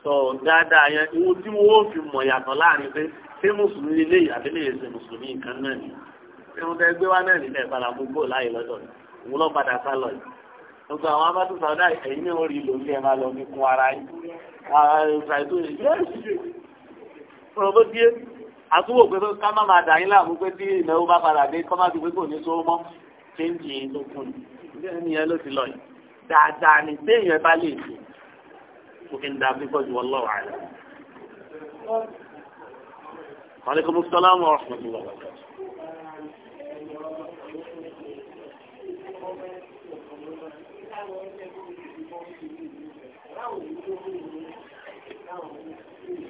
sọ dáadáa yẹn ohun tí wọ́n fi mọ̀ yàtọ̀ láàrin pé ṣé mùsùlùmí eléyìí àbí lè ṣe mùsùlùmí nǹkan náà ni ṣé wọ́n fẹ́ gbé wá náà nílẹ̀ padà gbogbo láàyè lọ́dọ̀ òun lọ́ padà sá lọ yìí gbogbo àwọn abátú sàdá ẹ̀yìn náà rí lòun ẹ̀ máa lọ fi kún ara yìí ara ìṣàìtò yìí ọ̀rọ̀ bó díẹ̀ àtúwò pé ká má máa dà yín láàmú pé tí ìnáwó bá padà dé kọ́ má ti pé kò ní sówó mọ́ ṣé ń tó kùn ní pé ẹni yẹn ló ti lọ yìí dáadáa ni téèyàn bá lè ṣe kò kí n da bí bọ́jú wọn lọ́wọ́ àlẹ́. Aleykum salaam wa rahmatulah.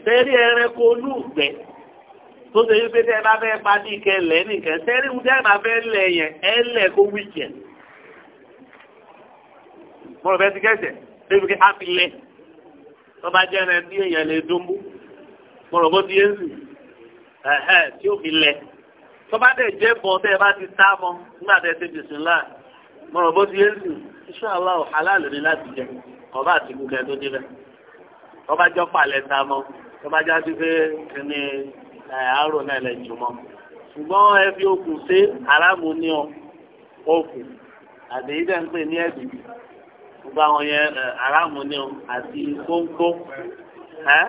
Sẹ́rí ẹranko olúùgbẹ́ tó ṣe wípé tẹ́ bá fẹ́ padì kẹlẹ́ nìkan sẹ́rí ń jẹ́ bá fẹ́ lẹ̀ yẹn ẹ lẹ̀ kó wíjẹ̀ mo rò bẹ́ẹ̀ ti kẹ́sẹ̀ débi kí hafi lẹ̀ tó bá jẹ́ ẹran tí èèyàn lè dúnbú mo rò bó ti yé nsì ẹ̀hẹ́ tí ó fi lẹ̀ tó bá dẹ̀ jẹ́ bọ́ tẹ́ ẹ bá ti sá mọ́ nígbà tẹ́ ẹ ti bisimilá mo rò bó ti yé nsì iṣẹ́ aláwọ̀ aláàlú ni láti jẹ ọba àti gbogbo ẹ tó débẹ̀ ọba jọ palẹ̀ sá mọ́ ọba já sí pé ẹni àárò náà lẹ̀ jù mọ́ ṣùgbọ́n ẹ fi okùn sí aráàmù ní ọ okùn àdéhìí dẹ́ ń pè ní ẹ̀bì gbogbo àwọn yẹn aráàmù ni o àti kóńkó ẹ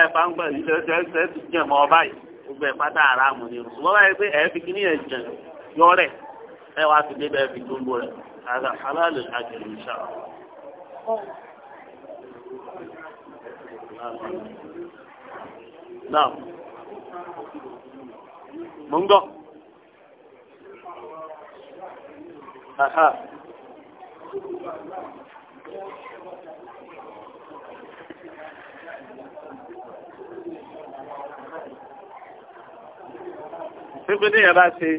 ẹ fáńgbà yìí ṣe ṣe ṣe ti jẹ mọ ọba yìí gbogbo ẹ pátá aráàmù ni o ṣùgbọ́n báyìí pé ẹ fi kíní yẹn jẹ yọ ẹ wá fi débẹ̀ ẹ fi kóńkó rẹ àgbà aláàlú àjẹrò ìṣà. Now, mo ń gbọ́. pípé téèyàn bá ṣe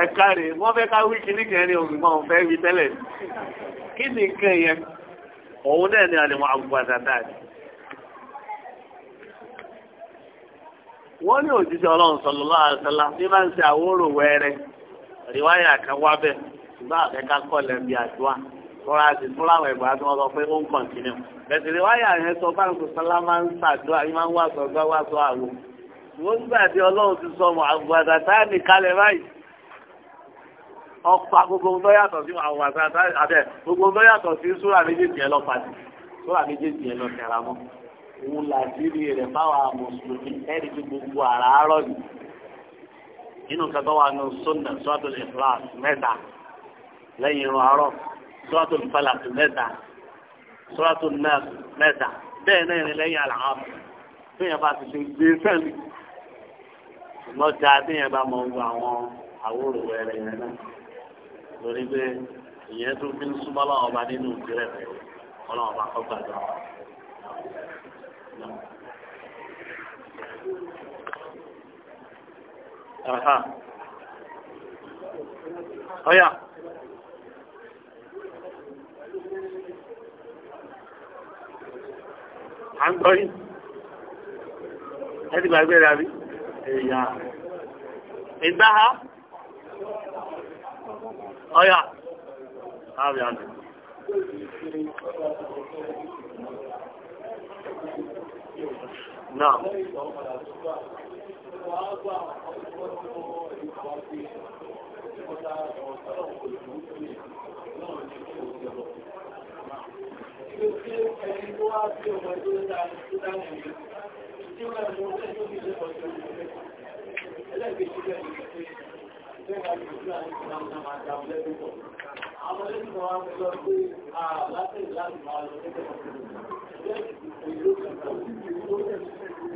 ẹ̀ka rè wọ́n fẹ́ ká wí kíní kẹrin òmìnira òun fẹ́ tẹ́lẹ̀ kí ni nǹkan yẹn òun náà ni àlèmọ̀ àgùgbàdà wọ́n ní òjíṣẹ́ ọlọ́run àṣẹlá máa ń ṣe wẹ́rẹ́ rìwáyà kan wá bẹ́ẹ̀ ṣùgbọ́n àfẹ́ká kọ́ lẹ́bi àdúrà rọra sì fún láwọn ẹ̀gbọ́n àti wọn sọ pé ó ń kọ̀ǹtínú bẹ̀sẹ̀ rìwáyà yẹn sọ báńkì sọlá máa ń ṣàdúrà yìí máa ń wà sọgbà wà sọ àwò wọ́n gbà tí ọlọ́run ti sọ àgbàdà táàmì kalẹ̀ báyìí ọ̀pá gbogbo ń lọ́yàtọ̀ sí àwàdà àbẹ̀ gbogbo ń lọ́yàtọ̀ sí súrà méjèèjì ẹ̀ lọ́pàdé súrà méjèèjì ẹ̀ lọ tẹ̀ra mọ́ òun làdírí rẹ̀ fáwọn mùsùlùmí ẹ̀rí gbogbo àràárọ̀ yìí nínú kan tó wà nù sunna suratul ikhlas mẹ́ta lẹ́yìn irun àárọ̀ suratul falaq mẹ́ta suratul nas mẹ́ta bẹ́ẹ̀ náà ní lẹ́yìn àlàáfù téèyàn bá ti ṣe gbé sẹ́ẹ̀lì lọ́jà téèyàn bá mọ gbogbo àwọn àwòrò ẹ̀rẹ̀ yẹn náà lórí pé ìyẹn tó fi ń súnmọ́ lọ́wọ́ ọba nínú ìdílé rẹ̀ ọlọ́wọ́ ọba kọ́ gbàdúrà ọ̀yà. à ń gbọ́ yìí ẹ ti gbàgbé rẹ̀ àbí ẹ̀yà ìdáhà ọ̀yà àbí àbí. Now. Àwọn ẹgbẹ̀rún wa ń lọ sí àlàáfẹ́ ìlànà àwọn ọmọdé. Ìjẹ́ ìlú ìjọba ìlú ìjọba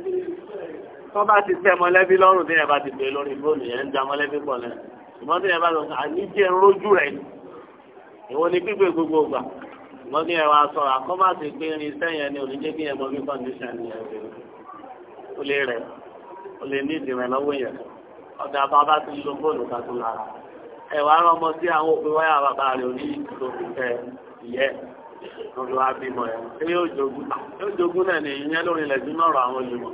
ìlú ìjọba tó bá ti tẹ́ mọ̀lẹ́bí lọ́rùn tí yẹn bá ti gbé lórí fóònù yẹn ń da mọ̀lẹ́bí pọ̀ lẹ́nu ṣùgbọ́n tí yẹn bá lọ sọ àníjẹ́ rojú rẹ̀ ni ìwọ ni pípé gbogbo gbà ṣùgbọ́n tí yẹn wá sọ àkọ́mọ́sí pé irinṣẹ́ yẹn ni oníjẹ́ kí yẹn mọ bí kọ́ndíṣàn yẹn ṣe ó lè rẹ̀ ó lè ní ìdìrẹ̀ lọ́wọ́ yẹn ọ̀dà bàbá ti lo fóònù ká tó lára ẹ̀wà rán ọmọ sí àwọn òpin wáyà bàbá rẹ̀ oní ìtòkùnfẹ́ àwọn olùmọ̀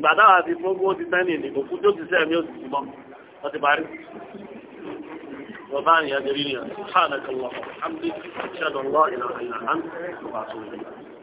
gbàdáwà ti fógún ó ti tẹ́ nìyí òkú tó ti sẹ́ mi ó ti ti mọ́ wọ́n ti parí. وبان يا جليل سبحانك اللهم وبحمدك اشهد ان لا اله الا انت واتوب اليك